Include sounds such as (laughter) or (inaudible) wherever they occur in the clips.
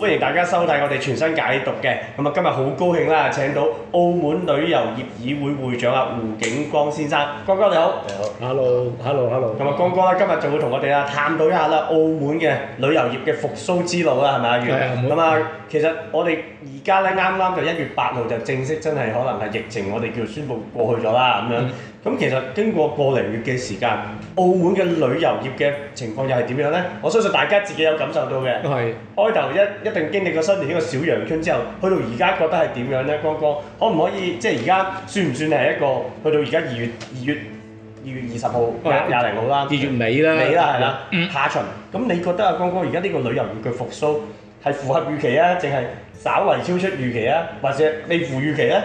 歡迎大家收睇我哋全新解讀嘅，咁啊！今日好高興啦，請到澳門旅遊業議會會長啊胡景光先生，光哥你好。你好，hello，hello，hello hello。咁 hello. 啊，光哥咧今日就會同我哋啊探討一下啦，澳門嘅旅遊業嘅復甦之路啦，係咪啊？咁啊，其實我哋而家咧啱啱就一月八號就正式真係可能係疫情，我哋叫宣布過去咗啦，咁樣。嗯咁其實經過個零月嘅時間，澳門嘅旅遊業嘅情況又係點樣呢？我相信大家自己有感受到嘅。係是。開頭一一定經歷過新年呢個小陽春之後，去到而家覺得係點樣呢？光哥，可唔可以即係而家算唔算係一個去到而家二月二月二月二十號廿零號啦？二月尾啦。尾，尾啦，啦嗯、下旬，咁你覺得阿、啊、光哥而家呢個旅遊業嘅復甦係符合預期啊，定係稍為超出預期啊，或者未符預期咧？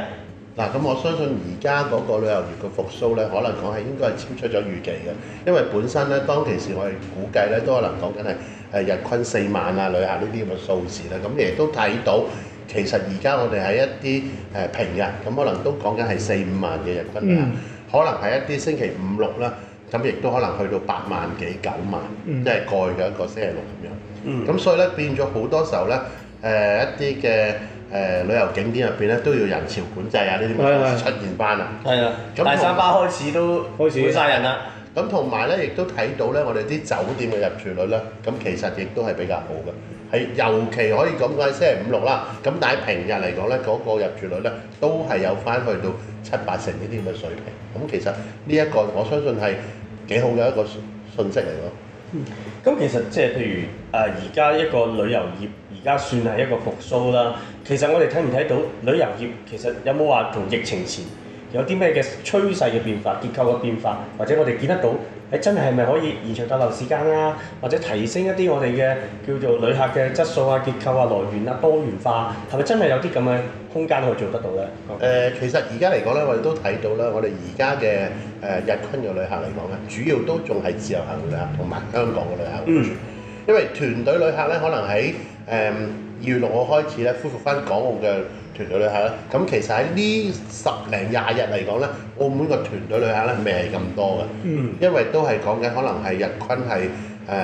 嗱，咁我相信而家嗰個旅遊業嘅復甦咧，可能講係應該係超出咗預期嘅，因為本身咧當其時我哋估計咧都可能講緊係誒日均四萬啊，旅客呢啲咁嘅數字啦，咁亦都睇到其實而家我哋喺一啲誒平日咁可能都講緊係四五萬嘅日均啊，嗯、可能係一啲星期五六啦，咁亦都可能去到八萬幾九萬，嗯、即係過去嘅一個星期六咁樣。咁、嗯、所以咧變咗好多時候咧誒、呃、一啲嘅。誒、呃、旅遊景點入邊咧都要人潮管制啊！呢啲咁嘅出現翻啦，係啊的，大三巴開始都開始殺人啦。咁同埋咧，亦都睇到咧，我哋啲酒店嘅入住率咧，咁其實亦都係比較好嘅，係尤其可以講嘅喺星期五六啦。咁但係平日嚟講咧，嗰、嗰個入住率咧都係有翻去到七八成呢啲咁嘅水平。咁其實呢一個我相信係幾好嘅一個訊息嚟咯。咁、嗯、其實即係譬如誒而家一個旅遊業。而家算係一個復甦啦。其實我哋睇唔睇到旅遊業其實有冇話同疫情前有啲咩嘅趨勢嘅變化、結構嘅變化，或者我哋見得到喺、欸、真係咪可以延長逗留時間啊，或者提升一啲我哋嘅叫做旅客嘅質素啊、結構啊、來源啊多元化，係咪真係有啲咁嘅空間可以做得到咧？誒 Okay.、呃，其實而家嚟講咧，我哋都睇到啦。我哋而家嘅誒日均嘅旅客嚟講咧，主要都仲係自由行嘅旅客同埋香港嘅旅客。因為團隊旅客咧，可能喺誒二月六號開始咧，恢復翻港澳嘅團隊旅客啦。咁其實喺呢十零廿日嚟講咧，澳門個團隊旅客咧未係咁多嘅，嗯。因為都係講緊可能係日均係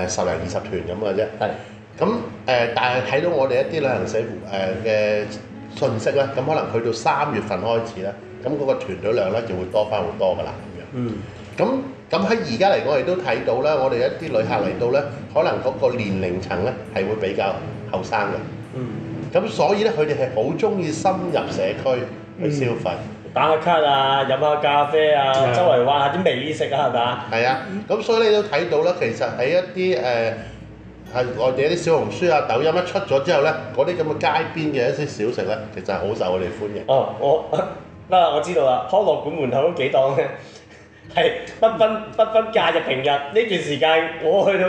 誒十零二十團咁嘅啫。係。咁誒，但係睇到我哋一啲旅行社誒嘅信息咧，咁可能去到三月份開始咧，咁嗰個團隊量咧就會多翻好多㗎啦。嗯。咁。咁喺而家嚟，我哋都睇到啦。我哋一啲旅客嚟到咧，可能嗰個年齡層咧係會比較後生嘅。嗯。咁所以咧，佢哋係好中意深入社區去消費，嗯、打下卡啊，飲下咖啡啊，的周圍玩下啲美食啊，係咪啊？係啊。咁所以你都睇到啦，其實喺一啲誒係內地一啲小紅書啊、抖音一出咗之後咧，嗰啲咁嘅街邊嘅一啲小食咧，其實係好受我哋歡迎。哦，我嗱、啊、我知道啦，康樂館門口都幾檔嘅。係不分不分，假日平日呢段時間，我去到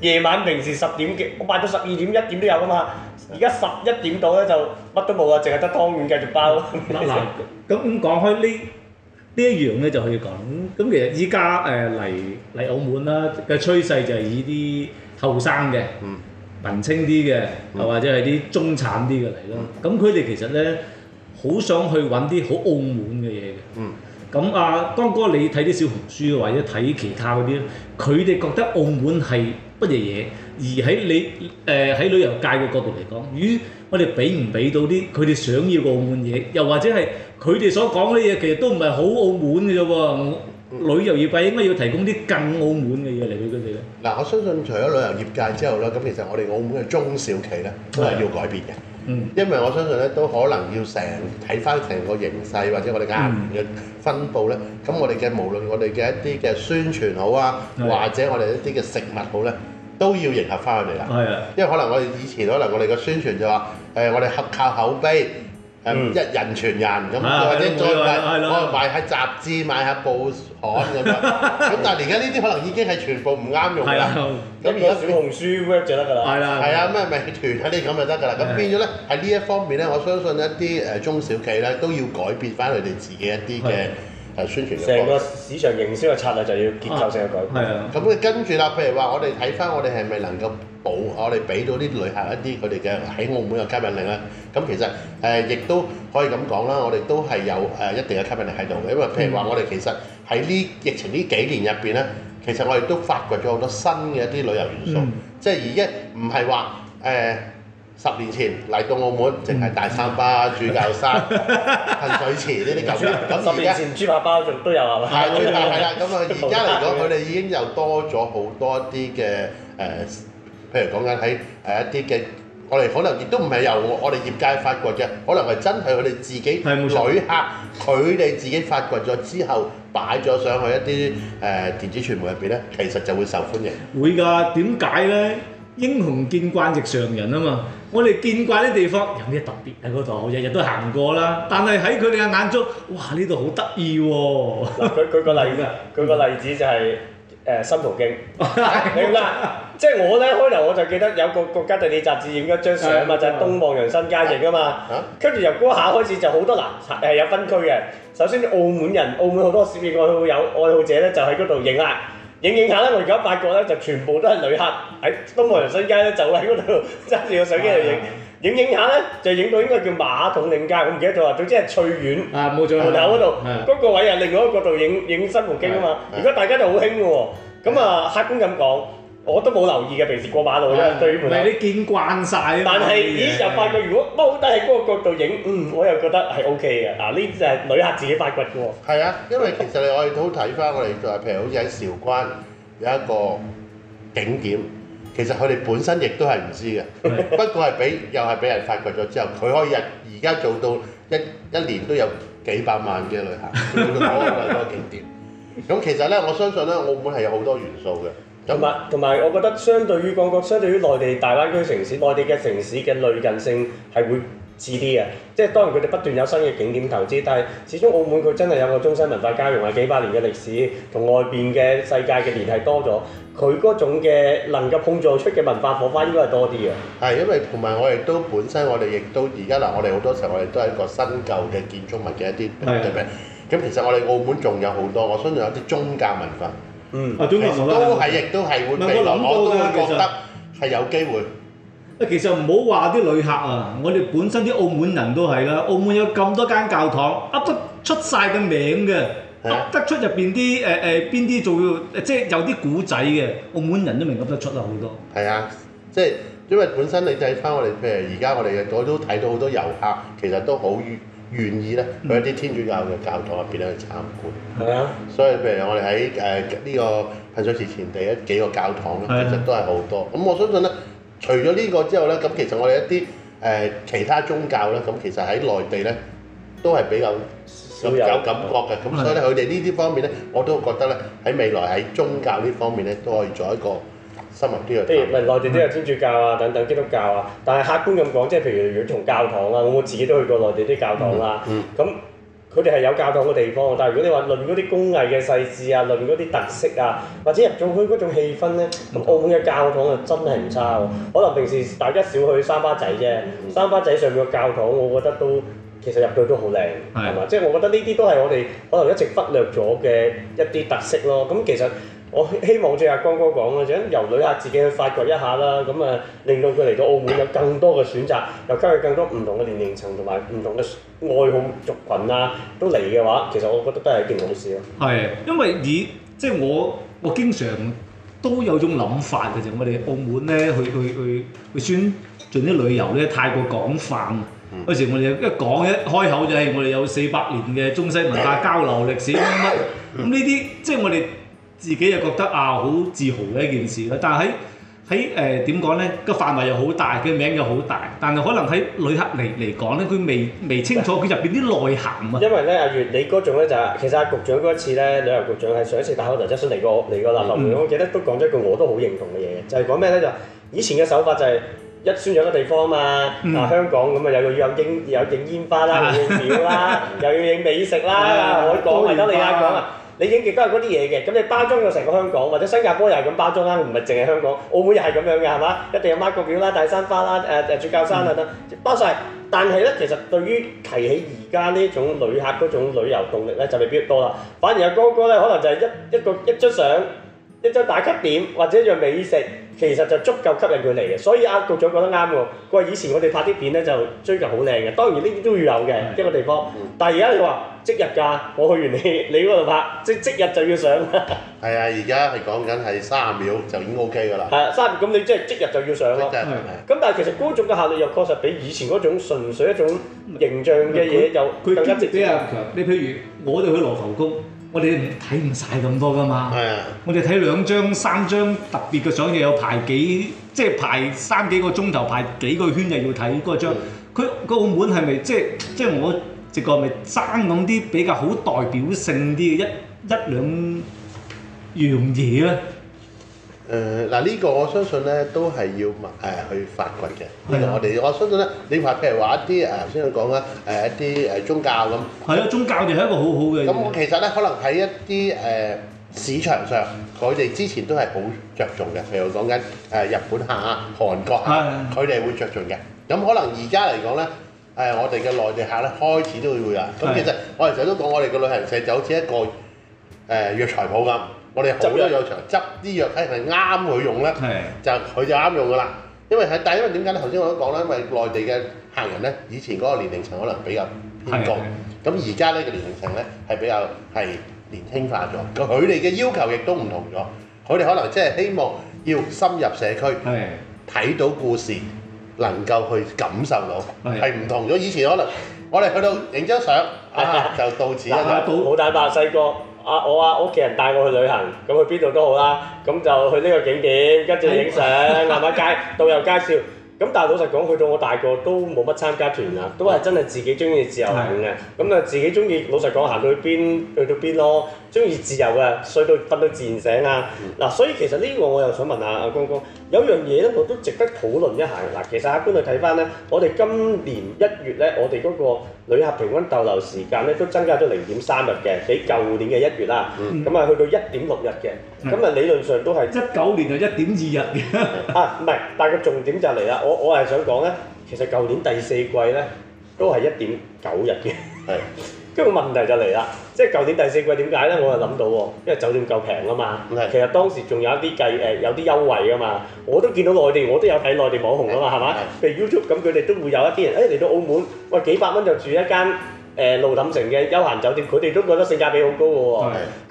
夜晚平時十點幾，我賣到十二點一點都有噶嘛。而家十一點度咧就乜都冇啦，淨係得湯圓繼續包。嗱咁講開呢呢一樣咧就可以講，咁、嗯、其實依家誒嚟嚟澳門啦嘅趨勢就係以啲後生嘅、嗯、文青啲嘅，又、嗯、或者係啲中產啲嘅嚟咯。咁佢哋其實咧好想去揾啲好澳門嘅嘢嘅。咁啊，江、嗯、哥，你睇啲小紅書或者睇其他嗰啲佢哋覺得澳門係乜嘢嘢？而喺你誒喺、呃、旅遊界嘅角度嚟講，咦我哋俾唔俾到啲佢哋想要嘅澳門嘢，又或者係佢哋所講嘅嘢，其實都唔係好澳門嘅啫喎。旅遊業界應該要提供啲更澳門嘅嘢嚟俾佢哋咧。嗱、嗯，我相信除咗旅遊業界之後咧，咁其實我哋澳門嘅中小企咧都係要改變嘅。因為我相信咧，都可能要成睇翻成個形勢，或者我哋客源嘅分布咧，咁、嗯、我哋嘅無論我哋嘅一啲嘅宣傳好啊，是的 或者我哋一啲嘅食物好咧，都要迎合翻佢哋啦。係啊，因為可能我哋以前可能我哋嘅宣傳就話，誒、呃、我哋合靠口碑。一人傳人咁，或者再買，我能買下雜誌買下報刊咁樣。咁但係而家呢啲可能已經係全部唔啱用啦。咁而家小紅書 WeChat 得㗎啦，係啊咩美團嗰啲咁就得㗎啦。咁變咗咧，喺呢一方面咧，我相信一啲誒中小企咧都要改變翻佢哋自己一啲嘅。係宣傳成個市場營銷嘅策略就要結構性嘅改變。係啊，咁佢、嗯、跟住啦，譬如話我哋睇翻，我哋係咪能夠保我哋俾到啲旅客一啲佢哋嘅喺澳門嘅吸引力咧？咁其實誒亦都可以咁講啦，我哋都係有誒一定嘅吸引力喺度嘅，因為譬如話我哋其實喺呢疫情呢幾年入邊咧，其實我哋都發掘咗好多新嘅一啲旅遊元素，嗯、即係而一唔係話誒。呃十年前嚟到澳門，淨係大三巴、主教山、噴水池呢啲咁嘅嘢。咁十年前豬扒包仲都有係嘛？係啦係啦，咁啊而家嚟講，佢哋已經又多咗好多一啲嘅誒，譬如講緊喺誒一啲嘅，我哋可能亦都唔係由我哋業界發掘嘅，可能係真係佢哋自己旅客佢哋自己發掘咗之後擺咗上去一啲誒電子傳媒入邊咧，其實就會受歡迎。會㗎，點解咧？英雄見慣亦常人啊嘛！我哋見慣啲地方有咩特別喺嗰度，我日日都行過啦。但係喺佢哋眼中，哇！呢度好得意喎。嗱，舉舉個例子，舉個例子就係誒新葡京。 (laughs) 明啦， (laughs) 即係我咧開頭我就記得有個國家地理雜誌影咗張相啊， (laughs) 就係東望洋新街影啊嘛。跟住由嗰下開始就好多嗱係、呃、有分區嘅。首先澳門人，澳門好多攝影愛好友愛好者咧，就喺嗰度影啊。影影下呢，我而家發覺呢，就全部都係旅客喺東華人新街呢，就喺嗰度揸住個手機喺度影。影影的下呢，就影到應該叫馬桶嶺街。我唔記得咗啊。總之係翠苑啊，門口嗰度，嗰個位係另外一個角度影影新葡京啊嘛。而家的大家就好興喎，咁啊，的客觀咁講。我都冇留意嘅，平時過馬路都，啊、對呢部。唔係你見慣晒。但係，咦對？又發覺如果踎低喺係嗰個角度影，嗯對，我又覺得係 O K 嘅。嗱、啊，呢啲係旅客自己發掘嘅喎。係啊，因為其實你我哋都睇翻，我哋就係譬如好似喺韶關有一個景點，其實佢哋本身亦都係唔知嘅，的不過係俾又係俾人發掘咗之後，佢可以日而家做到一一年都有幾百萬嘅旅客。咁，嗰個嗰個景點，其實咧，我相信咧，澳門係有好多元素嘅。同埋，同埋，我覺得相對於廣角，相對於內地大灣區城市，內地嘅城市嘅類近性係會似啲嘅。即係當然佢哋不斷有新嘅景點投資，但係始終澳門佢真係有個中西文化交融啊，幾百年嘅歷史，同外邊嘅世界嘅聯繫多咗，佢嗰種嘅能夠碰撞出嘅文化火花應該係多啲嘅。係因為同埋我哋都本身我哋亦都而家嗱，我哋好多時候我哋都係一個新舊嘅建築物嘅一啲的對唔對？咁其實我哋澳門仲有好多，我相信有啲宗教文化。嗯，啊都係亦都係會，唔係我諗過㗎，其實係有機會。其實唔好話啲旅客啊，我哋本身啲澳門人都係啦，澳門有咁多間教堂，得出晒個名嘅，啊、得出入邊啲誒誒邊啲做，即係有啲古仔嘅，澳門人都明咁得出啦好多。係啊，即係因為本身你睇翻我哋譬如而家我哋嘅，我都睇到好多遊客其實都好於，願意咧去一啲天主教嘅教堂入邊咧去參觀，係啊的，所以譬如我哋喺誒呢個噴水池前地一幾個教堂咧，其實都係好多。咁的我相信咧，除咗呢個之後咧，咁其實我哋一啲誒、呃、其他宗教咧，咁其實喺內地咧都係比較有感覺嘅。咁所以咧，佢哋呢啲方面咧，我都覺得咧喺未來喺宗教呢方面咧都可以做一個。深入啲啊！譬如內地都有天主教啊，等等基督教啊。但係客觀咁講，即係譬如如果從教堂啊，我我自己都去過內地啲教堂啦。咁佢哋係有教堂嘅地方，但係如果你話論嗰啲工藝嘅細緻啊，論嗰啲特色啊，或者入咗去嗰種氣氛呢，嗯、澳門嘅教堂啊真係唔差喎。嗯嗯、可能平時大家少去三巴仔啫，嗯、三巴仔上面嘅教堂我覺得都其實入到去都好靚，係嘛的？即係吧我覺得呢啲都係我哋可能一直忽略咗嘅一啲特色咯。咁其實。我希望即係阿光哥講嘅，就由旅客自己去發掘一下啦。咁啊，令到佢嚟到澳門有更多嘅選擇，又加入更多唔同嘅年齡層同埋唔同嘅愛好族群啊，都嚟嘅話，其實我覺得都係一件好事咯。係，因為以，即係我，我經常都有種諗法嘅，就我哋澳門咧，去去去去宣做啲旅遊咧，太過廣泛。有時我哋一講一開口就係我哋有四百年嘅中西文化交流歷史乜咁呢啲，即係、 (coughs) 就是、我哋。自己又覺得啊，好自豪嘅一件事咯。但係喺喺誒點講咧，個範圍又好大，佢名又好大。但係可能喺旅客嚟嚟講咧，佢未未清楚佢入邊啲內涵啊。因為咧，阿月，你嗰種咧就係其實阿局長嗰一次咧，旅遊局長係上一次大口罩即時嚟個嚟個南澳，我記得都講咗一句我都好認同嘅嘢，就係講咩咧，就以前嘅手法就係一宣揚嘅地方嘛，嗱，香港咁啊，又要有煙有影煙花啦，又要表啦，又要影美食啦，海港維多利亞港啊。你影極都係嗰啲嘢嘅，咁你包裝到成個香港或者新加坡又係咁包裝啦，唔係淨係香港，澳門又係咁樣嘅係嘛？一定有媽閣廟啦、大三巴啦、誒誒主教山啦、嗯、等等，包曬。但係咧，其實對於提起而家呢種旅客嗰種旅遊動力咧，就未必多啦。反而阿哥哥咧，可能就係一一個一張相。一張打卡點或者一樣美食，其實就足夠吸引佢嚟嘅。所以阿局長講得啱喎，佢話以前我哋拍啲片呢，就追求好靚嘅，當然呢啲都要有嘅的一個地方。嗯、但係而家你話即日㗎，我去完你你嗰度拍，即，即即日就要上。係啊，而家係講緊係三十秒就已經 OK 㗎啦。係啊，三十秒，咁你即係即，即日就要上咯。咁但係其實嗰種嘅效率又確實比以前嗰種純粹一種形象嘅嘢又更加直接啲。你譬如我哋去羅浮宮。我哋睇唔晒咁多噶嘛，的我哋睇兩張三張特別嘅相，又有排幾，即係排三幾個鐘頭，排幾個圈又要睇嗰張。佢個、嗯、澳門係咪即係即係我直覺係咪爭咁啲比較好代表性啲嘅一一兩樣嘢咧？誒嗱呢個我相信咧都係要問、啊、去發掘嘅。係的我哋我相信咧，你話譬如話一啲誒頭先講啦，誒、啊、一啲誒宗教咁。係、嗯、啊，宗教就係一個好好嘅。咁我其實咧可能喺一啲誒、啊、市場上，佢哋之前都係好着重嘅。譬如講緊誒日本客啊、韓國客的啊，佢哋會着重嘅。咁可能而家嚟講咧，誒我哋嘅內地客咧開始都會有。咁其實我哋成日都講，我哋嘅旅行社就好似一個誒藥材鋪咁。啊我哋好多有場執一藥場執啲藥劑係啱佢用咧，的就佢就啱用㗎喇。因為係，但係因為點解咧？頭先我都講啦，因為內地嘅客人咧，以前嗰個年齡層可能比較偏高，咁而家呢個年齡層咧係比較係年輕化咗。佢哋嘅要求亦都唔同咗，佢哋可能即係希望要深入社區，睇的到故事，能夠去感受到係唔同咗。以前可能我哋去到影張相就到此一遊，冇大伯細個。啊！我啊，屋企人帶我去旅行，咁去邊度都好啦，咁就去呢個景點，跟住影相，行下街，導遊介紹。咁但係老實講，去到我大個都冇乜參加團啦，都係真係自己中意自由行嘅。咁啊的，就自己中意老實講，行到去邊，去到邊咯。中意自由啊，睡到瞓到自然醒啊！嗱、嗯，所以其實呢個我又想問下阿光光，有樣嘢咧，我都值得討論一下嗱，其實阿觀度睇翻咧，我哋今年一月咧，我哋嗰個旅客平均逗留時間咧，都增加咗零點三日嘅，比舊年嘅一月啦，咁啊、嗯、去到一點六日嘅。咁啊、嗯、理論上都係一九年就一點二日嘅 (laughs) 啊，唔係，但係重點就嚟啦，我我係想講咧，其實舊年第四季咧都係一點九日嘅，係。 (laughs) 咁個問題就嚟啦，即係舊年第四季點解咧？我就諗到喎，因為酒店夠平啊嘛。其實當時仲有一啲計誒，有啲優惠啊嘛。我都見到內地，我都有睇內地網紅啊嘛，係嘛？譬如 YouTube 咁，佢哋都會有一啲人誒嚟、哎、到澳門，喂，幾百蚊就住一間誒路氹城嘅休閒酒店，佢哋都覺得性價比好高嘅喎。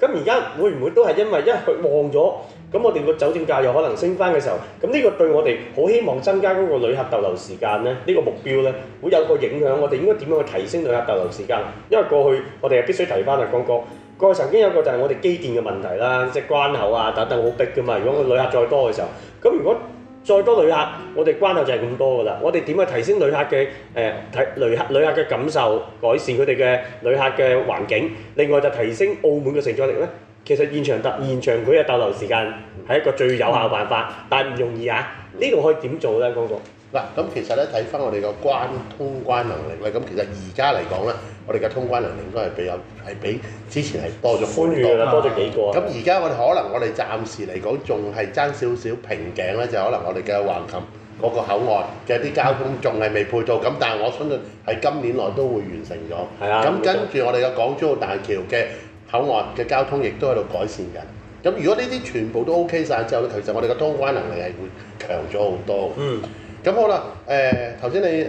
咁而家會唔會都係因為一去望咗？咁我哋個酒店價又可能升翻嘅時候，咁呢個對我哋好希望增加嗰個旅客逗留時間咧，呢個目標咧會有個影響。我哋應該點樣去提升旅客逗留時間？因為過去我哋係必須提翻嚟講過，過去曾經有個就係我哋基建嘅問題啦，即係關口啊等等好逼㗎嘛。如果個旅客再多嘅時候，咁如果再多旅客，我哋關口就係咁多㗎啦。我哋點去提升旅客嘅誒睇旅客旅客嘅感受，改善佢哋嘅旅客嘅環境，另外就提升澳門嘅承載力咧？其實現場逗現場佢嘅逗留時間係一個最有效嘅辦法，嗯、但係唔容易啊！呢個可以點做呢？光哥？嗱，咁其實呢，睇翻我哋個關通關能力呢，咁其實而家嚟講呢，我哋嘅通關能力都係比較係比之前係多咗好多，多咗幾個。咁而家我哋可能我哋暫時嚟講仲係爭少少瓶頸呢，就是、可能我哋嘅橫琴嗰、嗰個口岸嘅啲交通仲係未配套，咁、嗯、但係我相信係今年內都會完成咗。咁、啊、跟住我哋嘅港珠澳大橋嘅。口岸嘅交通亦都喺度改善緊，咁如果呢啲全部都 OK 晒之後咧，其實我哋嘅通關能力係會強咗好多。嗯，咁好啦，誒頭先你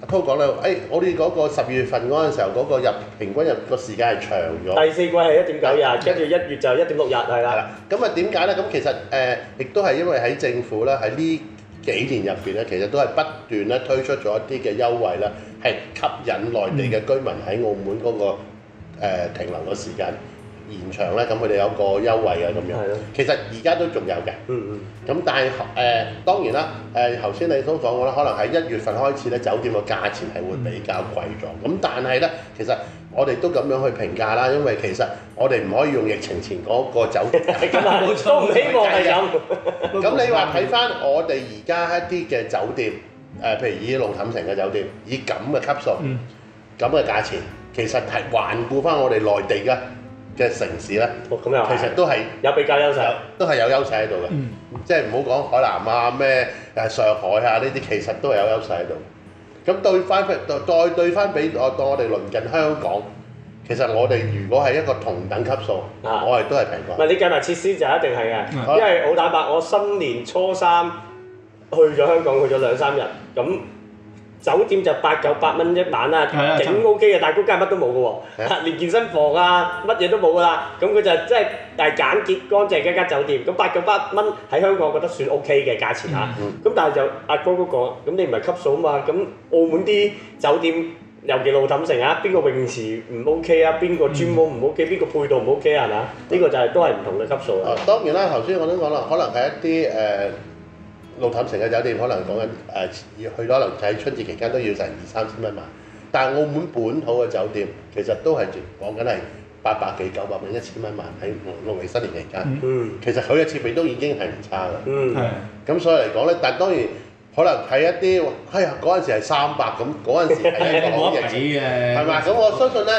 阿滔講啦，誒、啊哎、我哋嗰個十二月份嗰陣時候嗰個日平均日個時間係長咗。第四季係一點九日，跟住一月就一點六日係啦。係啦。咁啊點解咧？咁其實誒、呃、亦都係因為喺政府咧喺呢幾年入邊咧，其實都係不斷咧推出咗一啲嘅優惠啦，係吸引內地嘅居民喺澳門嗰個、嗯。誒、呃、停留個時間延長咧，咁佢哋有個優惠啊咁樣。的其實而家都仲有嘅。嗯嗯。咁但係誒、呃、當然啦，誒頭先你都講過啦，可能喺一月份開始咧，酒店個價錢係會比較貴咗。咁、嗯、但係咧，其實我哋都咁樣去評價啦，因為其實我哋唔可以用疫情前嗰個酒店、嗯、酒店價。咁都唔希望係咁。咁你話睇翻我哋而家一啲嘅酒店，誒譬如以路氹城嘅酒店，以咁嘅級數，咁嘅價錢。嗯其實係環顧翻我哋內地嘅嘅城市咧，哦、咁樣其實都係有比較優勢，都係有優勢喺度嘅。嗯、即係唔好講海南啊咩、誒上海呀呢啲，其實都係有優勢喺度。咁對翻，再對比、啊、再對翻俾、啊、我當我哋鄰近香港，其實我哋如果係一個同等級數，啊、我係都係平過。唔係你計埋設施就一定係嘅，啊、因為我坦白，我新年初三去咗香港，去咗兩三日，咁。酒店就八九百蚊一晚啦，整 O K 嘅，景 okay，但係嗰間乜都冇嘅喎，的連健身房啊乜嘢都冇㗎啦，咁佢就即係係簡潔乾淨嘅一間酒店，咁八九百蚊喺香港我覺得算 O K 嘅價錢啊。咁、嗯、但係就阿哥都講，咁你唔係級數啊嘛，咁澳門啲酒店尤其路氹城啊，邊個泳池唔 O K 啊，邊個專房唔 O K，邊個配套唔 O K 係嘛？呢、嗯、個就係都係唔同嘅級數啦。啊，當然啦，頭先我都講啦，可能係一啲誒。呃路氹城嘅酒店可能講緊誒，去到可能春節期間都要成二三千蚊萬，但係澳門本土嘅酒店其實都係講緊係八百幾、九百蚊、一千蚊萬喺六六新年期間。嗯、其實佢嘅設備都已經係唔差啦。咁、嗯、所以嚟講呢，但係當然可能係一啲哎呀嗰陣時係三百咁，嗰陣時係一個好日子。嘅 (laughs) 吧。係嘛？咁吧、嗯、我相信呢，誒，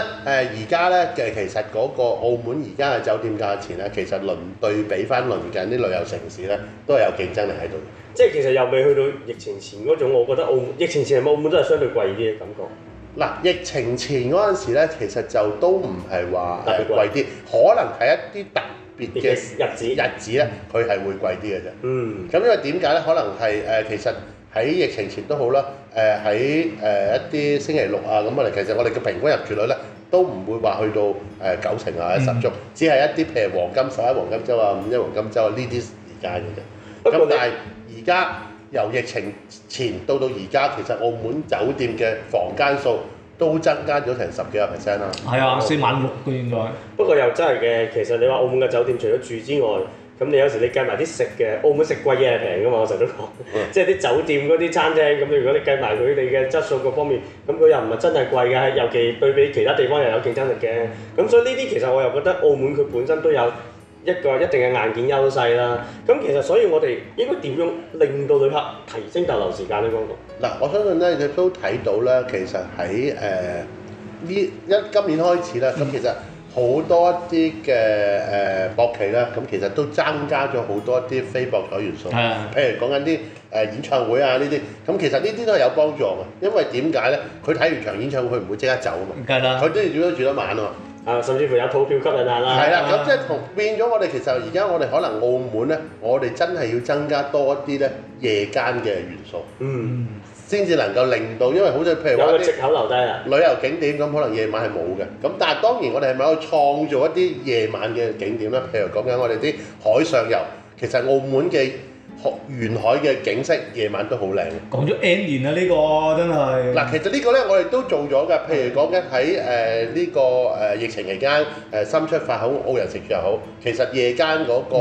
而家呢，其實嗰個澳門而家嘅酒店價錢呢，其實輪對比翻鄰近啲旅遊城市呢，都係有競爭力喺度。即係其實又未去到疫情前嗰種，我覺得澳門疫情前嘅澳門都係相對貴啲嘅感覺。嗱，疫情前嗰陣時咧，其實就都唔係話特別貴啲，可能係一啲特別嘅日子、嗯、日子咧，佢係會貴啲嘅啫。嗯。咁因為點解咧？可能係誒、呃，其實喺疫情前都好啦，誒喺誒一啲星期六啊咁啊，其實我哋嘅平均入住率咧都唔會話去到誒九成啊，十足，嗯、只係一啲譬如黃金十一黃金周啊、五一黃金周啊呢啲時間嘅啫。咁但係是。但而家由疫情前到到而家，其實澳門酒店嘅房間數都增加咗成十幾廿 percent 啦。係啊，四萬六嘅應該。不過又真係嘅，其實你話澳門嘅酒店除咗住之外，咁你有時你計埋啲食嘅，澳門食貴嘢係平㗎嘛，我成日都講，嗯、即係啲酒店嗰啲餐廳，咁如果你計埋佢哋嘅質素各方面，咁佢又唔係真係貴㗎，尤其對比其他地方又有競爭力嘅。咁所以呢啲其實我又覺得澳門佢本身都有。一個一定嘅硬件優勢啦，咁其實所以我哋應該點樣令到旅客提升逗留時間呢？呢個嗱，我相信咧亦都睇到咧，其實喺誒呢一今年開始啦，咁 (laughs) 其實好多一啲嘅誒博企啦，咁其實都增加咗好多啲非博彩元素，的譬如講緊啲誒演唱會啊呢啲，咁其實呢啲都係有幫助嘅，因為點解咧？佢睇完場演唱會，佢唔會即刻走啊嘛，唔係啦，佢都要點住得晚啊嘛。啊，甚至乎有套票吸引下啦、啊。係啦的，咁、啊、即係同變咗我哋，其實而家我哋可能澳門咧，我哋真係要增加多一啲咧夜間嘅元素，嗯，先至能夠令到，因為好似譬如話有個藉口留低啦。旅遊景點咁可能夜晚係冇嘅，咁但係當然我哋係咪可以創造一啲夜晚嘅景點咧？譬如講緊我哋啲海上遊，其實澳門嘅。沿海嘅景色夜晚都好靚。講咗 N 年啦，呢、這個真係。嗱，其實呢個呢，我哋都做咗㗎。譬如講緊喺誒呢個誒、呃、疫情期間，誒、呃、深出發口，澳人食住又好，其實夜間嗰個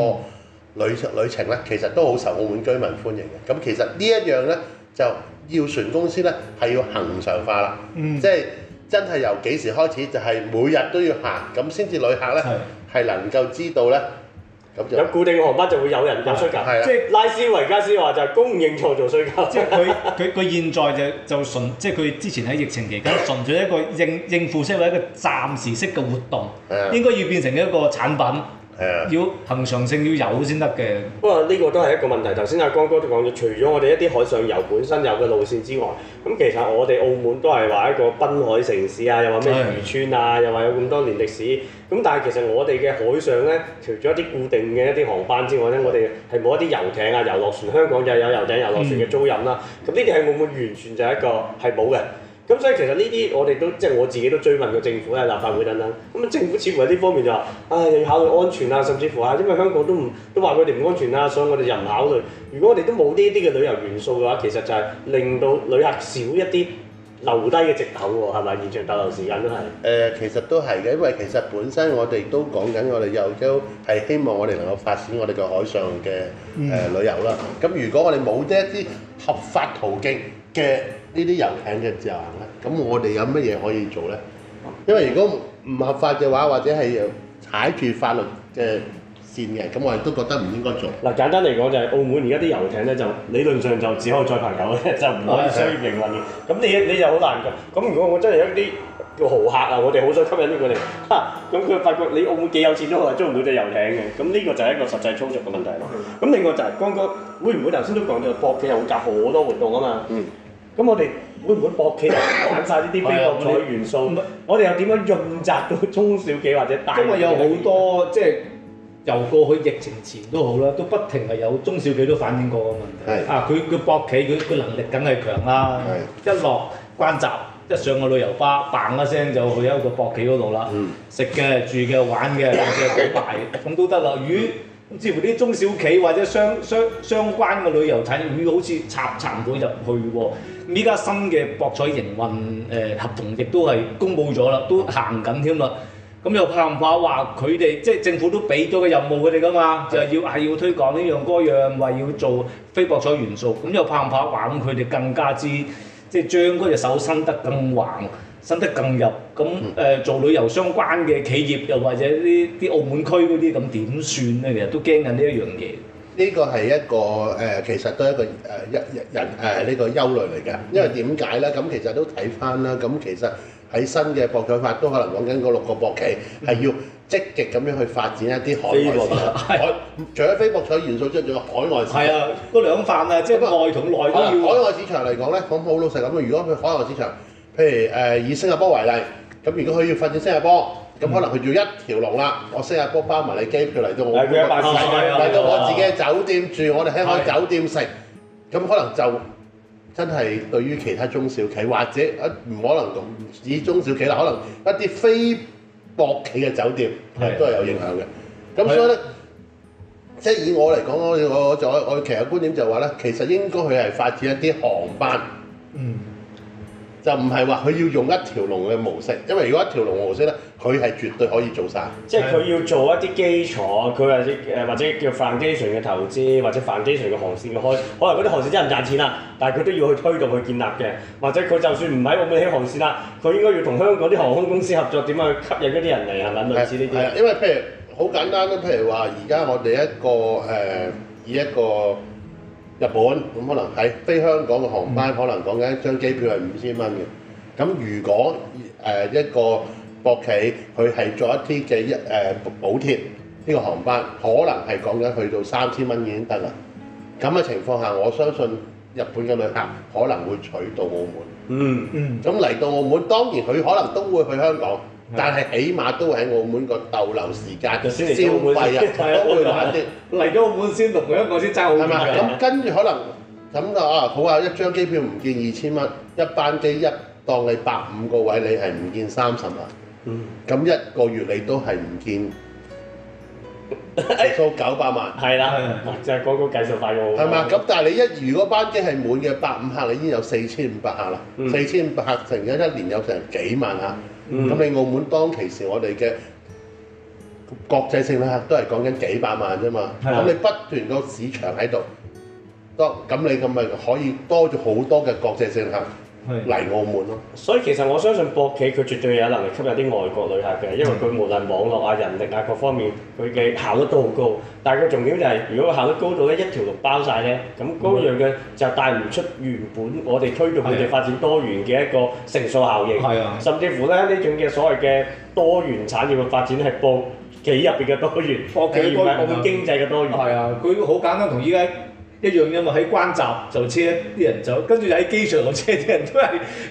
旅、嗯、旅程呢，其實都好受澳門居民歡迎嘅。咁其實呢一樣呢，就要船公司呢，係要恆常化啦。嗯、即係真係由幾時開始就係、是、每日都要行，咁先至旅客呢，係是能夠知道呢。就係、有固定嘅航班就會有人有需求，即係拉斯維加斯話就係供應創造需求。即係佢佢佢現在就就純即係佢之前喺疫情期間純粹一個應 (laughs) 應，應付式或者一個暫時式嘅活動，的應該要變成一個產品。要恒常性要有先得嘅。不過呢個都係一個問題。頭先阿江哥都講咗，除咗我哋一啲海上遊本身有嘅路線之外，咁其實我哋澳門都係話一個濱海城市啊，又話咩漁村啊，唉又話有咁多年歷史。咁但係其實我哋嘅海上呢，除咗一啲固定嘅一啲航班之外呢，我哋係冇一啲遊艇啊、遊樂船。香港就有遊艇遊樂、遊樂船嘅租賃啦。咁呢啲係澳門完全就係一個係冇嘅。咁所以其實呢啲我哋都即係、就是、我自己都追問過政府啊、立法會等等。咁政府似乎喺呢方面就，唉，又要考慮安全啊，甚至乎啊，因為香港都唔都話佢哋唔安全啦，所以我哋又唔考慮。如果我哋都冇呢啲嘅旅遊元素嘅話，其實就係令到旅客少一啲留低嘅藉口喎，係咪延長逗留時間都係？誒、呃，其實都係嘅，因為其實本身我哋都講緊我哋又都係希望我哋能夠發展我哋嘅海上嘅誒旅遊啦。咁、嗯、如果我哋冇啲一啲合法途徑嘅，呢啲遊艇嘅自由行咧，咁我哋有乜嘢可以做咧？因為如果唔合法嘅話，或者係踩住法律嘅線嘅，咁我亦都覺得唔應該做。嗱，簡單嚟講就係、是、澳門而家啲遊艇咧，就理論上就只可以載朋友咧，嗯、 (laughs) 就唔可以商業營運嘅。咁、嗯、你你就好難嘅。咁如果我真係一啲叫豪客啊，我哋好想吸引咗佢哋，嚇咁佢發覺你澳門幾有錢都可能租唔到隻遊艇嘅。咁呢個就係一個實際操作嘅問題囉。咁、嗯、另外就係、是、光哥會唔會頭先都講到博企又會搞好多活動啊嘛。嗯咁我哋會唔會博企玩晒呢啲飛樂元素？我哋又點樣潤澤到中小企或者大？因為有好多即係是由過去疫情前都好啦，都不停係有中小企都反映過個問題。是的 啊，佢佢博企佢佢能力梗係強啦。是的 一落關閘，一上個旅遊巴嘭一聲就去一個博企嗰度啦。食嘅、嗯、住嘅、玩嘅、嘅賭牌，咁 (laughs) 都得啦。魚、嗯。 (laughs) 似乎啲中小企或者相相相關嘅旅遊產業，好似插插唔到入去喎。咁依家新嘅博彩營運合同亦都係公佈咗啦，都行緊添啦。咁又怕唔怕話佢哋即政府都俾咗個任務佢哋㗎嘛？就係要係要推廣呢樣嗰樣，話要做非博彩元素。咁又怕唔怕話佢哋更加之即係將嗰隻手伸得更橫？新得更入咁誒、呃、做旅遊相關嘅企業，又或者啲啲澳門區嗰啲咁點算咧？其實都驚緊呢一樣嘢。呢個係一個誒、呃，其實都一個誒一、呃、人誒呢、呃這個憂慮嚟嘅。因為點解咧？咁其實都睇翻啦。咁其實喺新嘅博彩法都可能講緊嗰六個博企係、嗯、要積極咁樣去發展一啲海外，除咗非博彩元素之外，仲有海外市場。係啊，都兩範啊，即係外同內都要、嗯。海外市場嚟講咧，我好老實咁啊，如果佢海外市場。譬如誒以新加坡為例，咁如果佢要發展新加坡，咁、嗯、可能佢要一條龍啦。我新加坡包埋你機票嚟到我，嚟到我，我自己酒店住，我哋喺我酒店食，咁是的 可能就真係對於其他中小企或者一唔可能咁以中小企啦，可能一啲非博企嘅酒店都係有影響嘅。咁是的 所以咧，是的 即係以我嚟講，我我我我其實觀點就話、是、咧，其實應該佢係發展一啲航班。嗯。就唔係話佢要用一條龍嘅模式，因為如果一條龍嘅模式咧，佢係絕對可以做晒。即係佢要做一啲基礎，佢或者誒或者叫 foundation 嘅投資，或者 foundation 嘅航線嘅開，可能嗰啲航線真係唔賺錢啦，但係佢都要去推動去建立嘅，或者佢就算唔喺澳門起航線啦，佢應該要同香港啲航空公司合作，點樣去吸引一啲人嚟係咪類似呢啲？係啊，因為譬如好簡單啦，譬如話而家我哋一個誒、呃、以一個。日本咁可能係飛香港嘅航班，可能講緊一張機票係五千蚊嘅。咁如果誒、呃、一個博企佢係做一啲嘅一誒補貼呢、呢個航班，可能係講緊去到三千蚊已經得啦。咁嘅情況下，我相信日本嘅旅客可能會取到澳門。嗯嗯，咁、嗯、嚟到澳門，當然佢可能都會去香港。但係起碼都喺澳門個逗留時間、消費啊，多啲啲嚟咗澳門先同佢一個先爭好係嘛？咁跟住可能咁個啊，好啊！一張機票唔見二千蚊，一班機一當你百五個位，你係唔見三十萬。咁、嗯、一個月你都係唔見數九百萬。係啦。就係、是、嗰個計數快過。係嘛？咁但係你一如果班機係滿嘅百五客，你已經有四千五百客啦，四千五百客，嗯、成咗一年有成幾萬客。嗯咁、嗯、你澳門當其時，我哋嘅國際性客都係講緊幾百萬啫嘛。咁是的 你不斷個市場喺度，咁你咁咪可以多咗好多嘅國際性客。嚟澳門咯，所以其實我相信博企佢絕對有能力吸引啲外國旅客嘅，因為佢無論網絡啊、人力啊各方面，佢嘅效率都好高。但係佢重點就係，係，如果個效率高到咧一條龍包晒咧，咁嗰樣嘅就帶唔出原本我哋推動佢哋發展多元嘅一個乘數效應。係啊，甚至乎咧呢種嘅所謂嘅多元產業嘅發展係博企入邊嘅多元，博企經濟嘅多元。係啊，佢好簡單同依家一樣嘅嘛，喺關閘就車啲人走，跟住又喺機場做車啲人都係，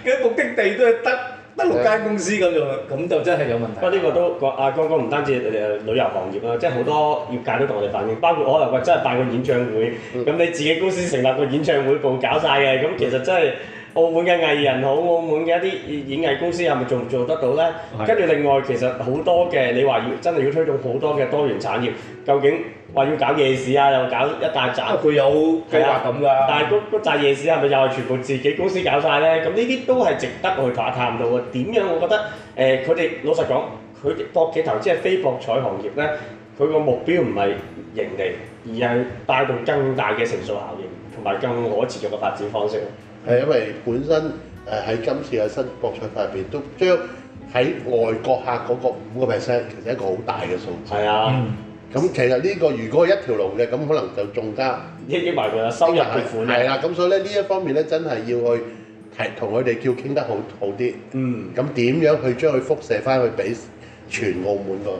嘅目的地都係得得六間公司咁樣，咁就真係有問題。不過呢個都講，阿光哥唔單止旅遊行業啦，嗯、即係好多業界都同我哋反映，包括可能話真係辦個演唱會，咁、嗯、你自己公司成立個演唱會部搞晒嘅，咁其實真係澳門嘅藝人好，澳門嘅一啲演藝公司係咪做唔做得到咧？跟住是另外其實好多嘅你話要真係要推動好多嘅多元產業，究竟？話要搞夜市啊，又搞一大紮。佢有規劃咁㗎，但係嗰紮夜市係咪又係全部自己公司搞晒咧？咁呢啲都係值得去打探到嘅。點樣？我覺得誒，佢、呃、哋老實講，佢哋博企投資係非博彩行業咧，佢個目標唔係盈利，而係帶動更大嘅乘數效應，同埋更可持續嘅發展方式咯。係因為本身誒喺今次嘅新博彩入邊，都將喺外國客嗰個五個 percent，其實係一個好大嘅數字。係啊。嗯咁其實呢、呢個如果係一條龍嘅，咁可能就仲加億億埋團啊，收入嘅款咧，係啦，咁所以咧呢一方面咧真係要去提同佢哋叫傾得好好啲，嗯，咁點樣去將佢輻射翻去俾全澳門個？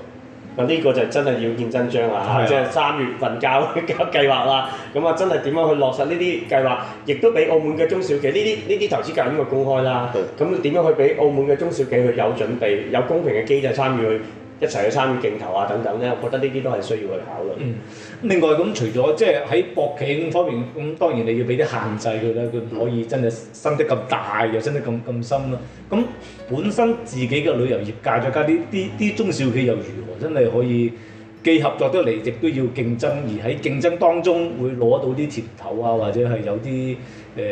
嗱呢、嗯、個就真係要見真章啦，即係三月份教搞 (laughs) 計劃啦，咁啊真係點樣去落實呢啲計劃，亦都俾澳門嘅中小企呢啲呢啲投資咁嘅公開啦，咁點是的 樣去俾澳門嘅中小企去有準備，有公平嘅機制參與？一齊去參與競投啊等等咧，我覺得呢啲都係需要去考慮。嗯，咁另外咁除咗即係喺博企方面咁，當然你要俾啲限制佢啦，佢可以真係生得咁大又升得咁咁深啦。咁本身自己嘅旅遊業界再加啲啲啲中小企又如何？真係可以既合作得嚟，亦都要競爭，而喺競爭當中會攞到啲甜頭啊，或者係有啲。誒誒，呃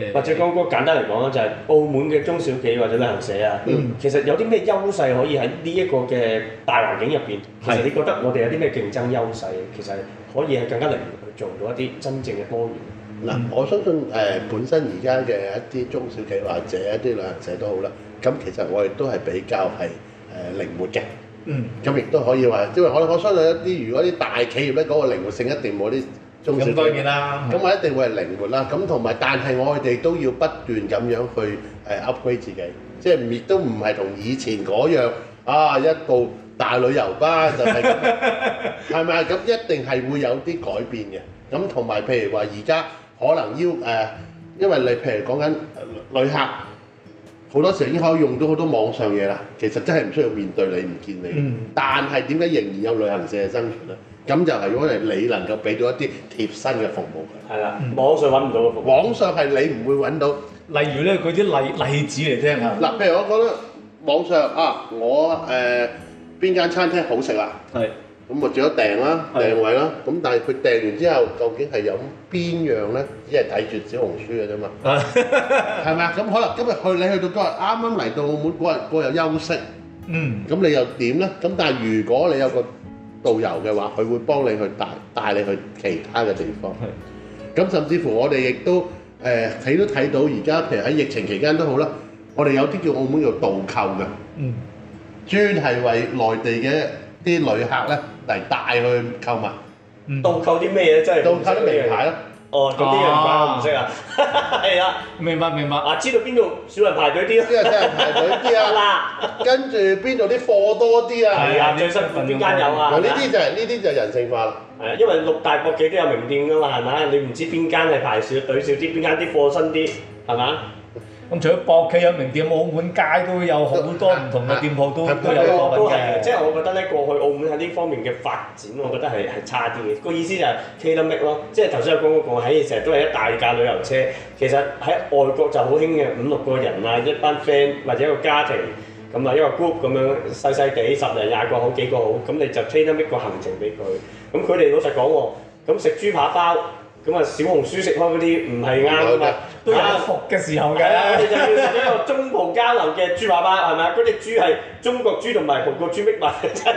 呃、或者講個簡單嚟講咧，就係、是、澳門嘅中小企或者旅行社啊，嗯、其實有啲咩優勢可以喺呢一個嘅大環境入邊？是其實你覺得我哋有啲咩競爭優勢？其實可以係更加靈活去做到一啲真正嘅多元。嗱、嗯，嗯、我相信誒、呃、本身而家嘅一啲中小企或者一啲旅行社都好啦。咁其實我哋都係比較係誒靈活嘅。咁亦都可以話，因為我我相信一啲如果啲大企業咧，嗰、那個靈活性一定冇啲。咁當然啦，咁我一定會係靈活啦，咁同埋但係我哋都要不斷咁樣去誒 upgrade 自己，即係亦都唔係同以前嗰樣啊一部大旅遊巴就係咁，係咪啊？咁一定係會有啲改變嘅。咁同埋譬如話而家可能要誒，因為你譬如講緊旅客好多時候已經可以用到好多網上嘢啦，其實真係唔需要面對你唔見你，但係點解仍然有旅行社嘅生存咧？咁就係如果你能夠俾到一啲貼身嘅服務㗎。係啦，網上揾唔到嘅服務。網上係你唔會揾到。例如咧，佢啲例例子嚟聽下。嗱，譬如我覺得網上啊，我誒邊間餐廳好食啊？係。咁啊，仲有訂啦，訂位啦。咁但係佢訂完之後，究竟係有邊樣咧？只係睇住小紅書嘅啫嘛。係咪啊？咁可能今日去你去到嗰日，啱啱嚟到澳門嗰日，嗰日休息。嗯。咁你又點咧？咁但係如果你有個導遊嘅話，佢會幫你去帶帶你去其他嘅地方。咁甚至乎我哋亦都誒睇、呃、都睇到，而家其實喺疫情期間都好啦。我哋有啲叫澳門叫「導購」嘅，嗯，專係為內地嘅啲旅客咧嚟帶去購物。嗯，導購啲咩嘢？真係導購名牌囉。哦，咁呢樣嘢我唔識啊，係啊， (laughs) 啊明，明白明白，啊知道邊度少人排隊啲啊，少人排隊啲啊，嗱，跟住邊度啲貨多啲啊，係啊，最新邊間有啊，呢啲、啊、就係呢啲就人性化，係啊，因為六大國企都有名店噶嘛，係咪？你唔知邊間係排少隊少啲，邊間啲貨新啲，係咪？咁除咗博企有名店，澳門街都有好多唔同嘅店鋪，都、啊啊、都有。都係即係我覺得咧，過去澳門喺呢方面嘅發展，我覺得係係差啲嘅。個意思就係 tailor-make 咯，即係頭先阿哥講話，喺成日都係一大架旅遊車。其實喺外國就好興嘅，五六個人啊，一班 friend 或者一個家庭，咁啊一個 group 咁樣細細哋，十零廿個好幾個好，咁你就 tailor-make 個行程俾佢。咁佢哋老實講喎，咁食豬扒包，咁啊小紅書食開嗰啲唔係啱啊嘛。嗯嗯嗯。都有服嘅時候㗎，咁就變成咗一個中葡交流嘅豬扒包係咪啊？嗰隻豬係中國豬同埋葡國豬逼埋一齊，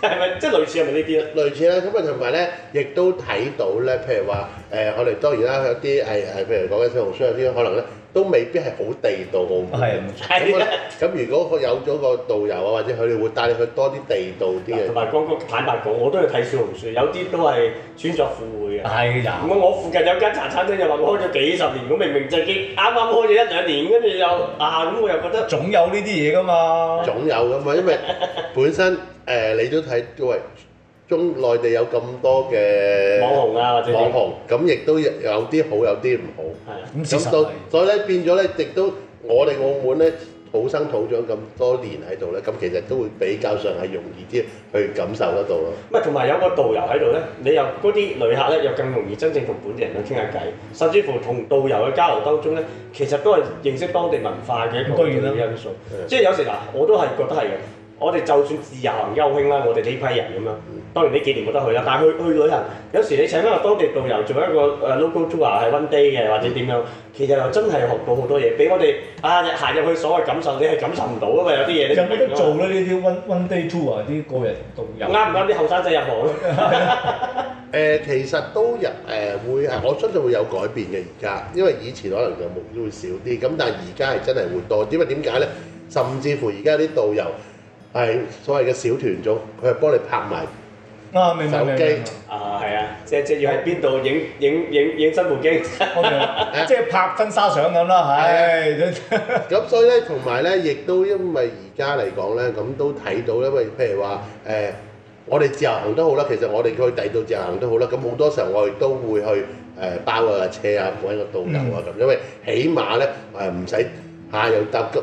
係咪即係類似係咪呢啲啊？類似啦，咁啊同埋咧，亦都睇到咧，譬如話誒、呃，我哋當然啦，有啲係係譬如講緊小紅書有啲可能咧，都未必係好地道好，係唔係？係咁 (laughs) 如果有咗個導遊啊，或者佢哋會帶你去多啲地道啲嘅。同埋嗰個坦白講，我都睇小紅書，有啲都係穿鑿附會嘅。係啊、哎呦。咁我附近有間茶餐廳又話我開咗幾十年，咁明明，明。就啱啱開咗一兩年，跟住又啊咁，我又覺得總有呢啲嘢㗎嘛，總有㗎嘛，因為本身誒、 (laughs) 呃、你都睇喂中內地有咁多嘅網紅啊，或者網紅咁，亦都有啲好，有啲唔好，咁到，所以所以咧變咗咧，亦都我哋澳門咧。嗯土生土長咁多年喺度呢，咁其實都會比較上係容易啲去感受得到咯。同埋有個導遊喺度呢，你又嗰啲旅客呢，又更容易真正同本地人去傾下偈，甚至乎同導遊嘅交流當中呢，其實都係認識當地文化嘅一個重要因素。吧即係有時嗱，我都係覺得係嘅。我哋就算自由行休興啦，我哋呢批人咁樣，當然呢幾年冇得去啦。但係去去旅行，有時你請翻個當地導遊做一個 local tour 係 one day 嘅，或者點樣，嗯、其實又真係學到好多嘢，比我哋啊行入去所謂感受，你係感受唔到啊嘛。有啲嘢有冇得做咧？呢啲 one one day tour 啲個對、啊、人導遊啱唔啱啲後生仔入行咧？誒、 (laughs) 呃，其實都入誒、呃、會，我相信會有改變嘅。而家因為以前可能就冇會少啲咁，但係而家係真係會多啲。因為點解咧？甚至乎而家啲導遊。係所謂嘅小團組，佢係幫你拍埋手機啊，係啊，即係即係要喺邊度影影影影新部機，即係拍婚紗相咁啦，係咁所以咧，同埋咧，亦都因為而家嚟講咧，咁都睇到，因為譬如話誒，我哋自由行都好啦，其實我哋去第二度自由行都好啦，咁好多時候我哋都會去誒包啊車啊揾個導遊啊咁，因為起碼咧誒唔使嚇又急急。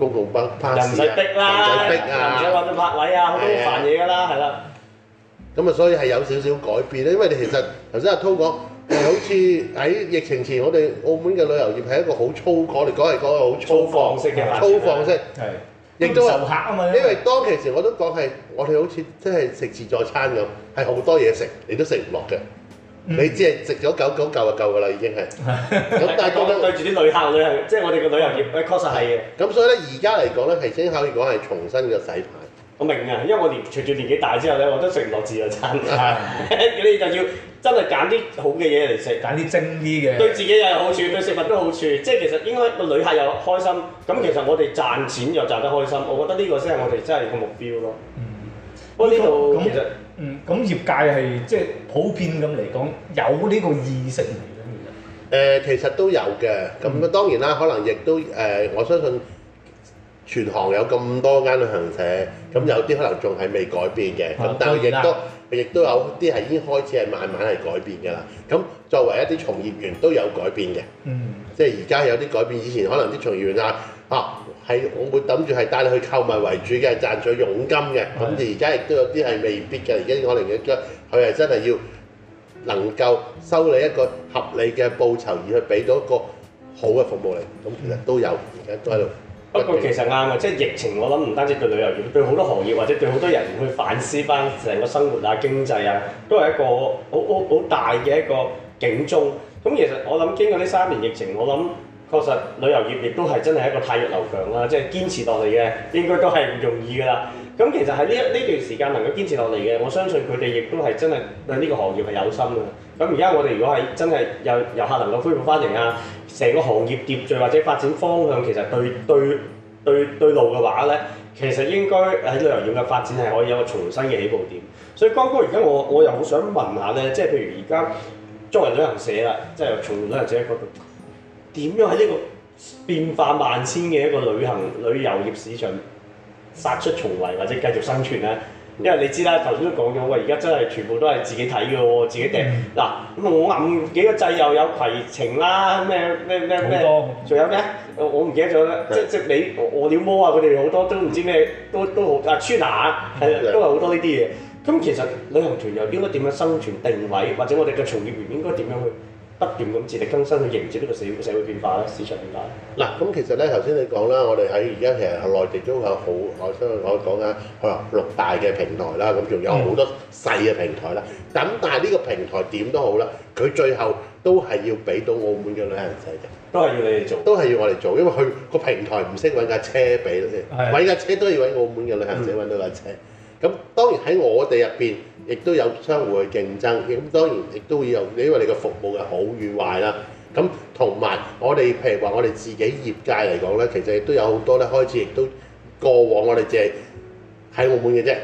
公共巴士啊，唔使逼啊，或者揾佢拍位啊，好多好煩嘢噶啦，係啦。咁啊，所以係有少少改變咧，因為你其實頭先阿濤講，係好似喺疫情前，我哋澳門嘅旅遊業係一個好粗我哋講，係講係好粗放式嘅，粗放式。係。應酬客啊嘛，因為當其時我都講係，我哋好似即係食自助餐咁，係好多嘢食，你都食唔落嘅。你只係食咗九九嚿就夠㗎啦，已經係。咁但係覺得對住啲旅客，旅行，即係我哋個旅遊業，誒確實係嘅。咁所以咧，而家嚟講咧，係隻口嚟講係重新嘅洗牌。我明啊，因為我年隨住年紀大之後咧，我都食唔落自助餐。你就要真係揀啲好嘅嘢嚟食，揀啲精啲嘅。對自己又有好處，對食物都有好處。即係其實應該個旅客又開心，咁其實我哋賺錢又賺得開心。我覺得呢個先係我哋真係個目標咯。嗯。不過呢度其實。嗯，咁業界係即係普遍咁嚟講，有呢個意識嚟嘅、呃，其實，都有嘅。咁啊，當然啦，可能亦都誒、呃，我相信全行有咁多間旅行社，咁有啲可能仲係未改變嘅。咁、嗯、但係亦都亦都有啲係已經開始係慢慢係改變㗎啦。咁作為一啲從業員都有改變嘅。嗯。即係而家有啲改變，以前可能啲從業員啊嚇。啊係，我冇諗住係帶你去購物為主嘅，賺取佣金嘅。咁而家亦都有啲係未必嘅。而家可能嘅佢係真係要能夠收你一個合理嘅報酬，而去俾到一個好嘅服務嚟。咁其實都有，而家都喺度。不過其實啱嘅，即係疫情，我諗唔單止對旅遊業，對好多行業或者對好多人去反思翻成個生活啊、經濟啊，都係一個好好好大嘅一個警鐘。咁其實我諗經過呢三年疫情，我諗。確實，旅遊業亦都係真係一個汰弱留強啦，即係堅持落嚟嘅，應該都係唔容易噶啦。咁其實喺呢一呢段時間能夠堅持落嚟嘅，我相信佢哋亦都係真係對呢個行業係有心嘅。咁而家我哋如果係真係有遊客能夠恢復翻嚟啊，成個行業秩序或者發展方向，其實對對對對，對路嘅話咧，其實應該喺旅遊業嘅發展係可以有個重新嘅起步點。所以光哥，而家我我又好想問下咧，即係譬如而家作為旅行社啦，即係從旅行社角度。點樣喺呢個變化萬千嘅一個旅行旅遊業市場殺出重圍，或者繼續生存咧？嗯、因為你知啦，頭先都講咗，喂，而家真係全部都係自己睇嘅喎，自己訂。嗱、嗯，咁我撳幾個掣又有攜程啦，咩咩咩咩，仲很多 有咩？我我唔記得咗啦。即即你餓了麼啊，佢哋好多都唔知咩，都、嗯、都阿春娜係都係好、啊、 (laughs) 多呢啲嘢。咁其實旅行團又應該點樣生存定位，或者我哋嘅從業員應該點樣去？不斷咁自力更生去迎接呢個社社會變化咧，市場變化。嗱，咁其實咧，頭先你講啦，我哋喺而家其實係內地都有好，我先我講下，啊六大嘅平台啦，咁仲有好多細嘅平台啦。咁、嗯、但係呢個平台點都好啦，佢最後都係要俾到澳門嘅旅行社嘅，都係要你哋做，都係要我哋做，因為佢個平台唔識揾架車俾，揾架車都要揾澳門嘅旅行社揾到架車。咁、嗯、當然喺我哋入邊。亦都有相互嘅競爭，咁當然亦都會有，因為你個服務嘅好與壞啦。咁同埋我哋，譬如話我哋自己業界嚟講咧，其實亦都有好多咧開始，亦都過往我哋淨係喺澳門嘅啫，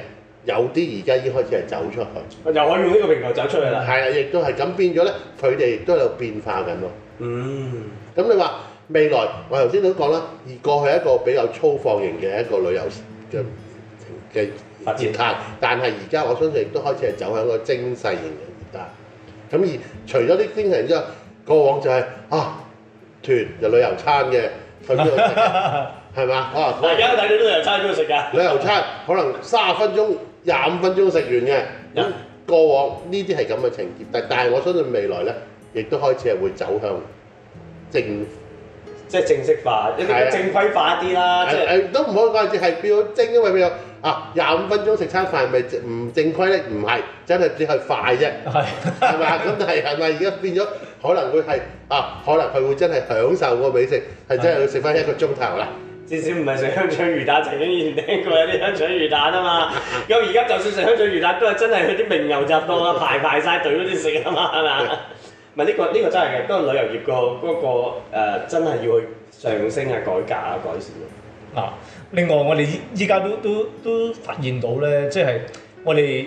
有啲而家已經開始係走出去，又可以用呢個平台走出去啦。係啊，亦都係咁變咗咧，佢哋亦都有變化緊咯。嗯，咁你話未來，我頭先都講啦，而過去一個比較粗放型嘅一個旅遊嘅嘅業態，但係而家我相信亦都開始係走向一個精細型嘅業態。咁而除咗啲精細型之外，過往就係、是、啊，團就是、旅遊餐嘅，係咪 (laughs) 啊？嗱，而家睇你啲旅遊餐喺邊度食㗎？旅遊餐可能三十分鐘、廿五分鐘食完嘅。咁 (laughs) 過往呢啲係咁嘅情節，但係我相信未來咧，亦都開始係會走向正，即係正式化、一啲對正規化啲啦。即、就、係、是、都唔可以講住係變咗精，因為變咗。廿五、啊、分鐘食餐飯咪唔正規呢？唔係，真係只係快啫。係係咪咁但係係咪？而家變咗可能會係啊？可能佢會真係享受個美食，係真係要食翻一個鐘頭啦。至少唔係食香腸魚蛋，曾經見過有啲香腸魚蛋啊嘛。咁而家就算食香腸魚蛋，都係真係去啲名牛雜檔啦， (laughs) 排排晒隊嗰啲食啊嘛。係咪唔係呢個呢、呢個真係嘅，都係旅遊業過、嗰個嗰個誒，真係要去上升啊、改革啊、改善 (laughs) 啊！另外，我哋依依家都都都發現到咧，即係我哋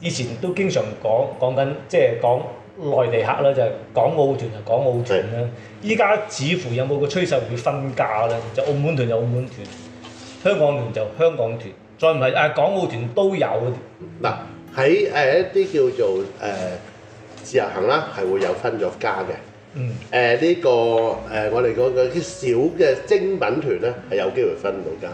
以前都經常講講緊，即係講內地客啦，就係、是、港澳團就港澳團啦。依家是似乎有冇個趨勢會分家啦？就澳門團就澳門團，香港團就香港團，再唔係誒港澳團都有嗱，喺誒一啲叫做誒、呃、自由行啦，係會有分咗家嘅。嗯、呢、這個誒、呃、我哋講嘅啲小嘅精品團咧，係有機會分到㗎。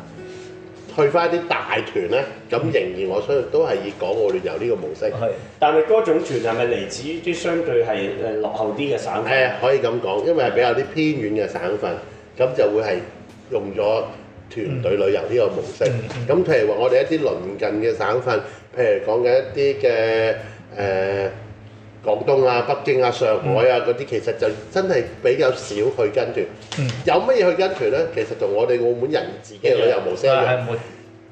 去翻啲大團咧，咁仍然我所以都係以港澳旅遊呢個模式。係，但係嗰種團係咪嚟自於啲相對係誒落後啲嘅省份？嗯呃、可以咁講，因為係比較啲偏遠嘅省份，咁就會係用咗團隊旅遊呢個模式。咁譬、嗯、如話，我哋一啲鄰近嘅省份，譬如講緊一啲嘅誒。呃廣東啊、北京啊、上海啊嗰啲，嗯、其實就真係比較少去跟團。嗯、有乜嘢去跟團呢？其實同我哋澳門人自己嘅旅遊模式一樣。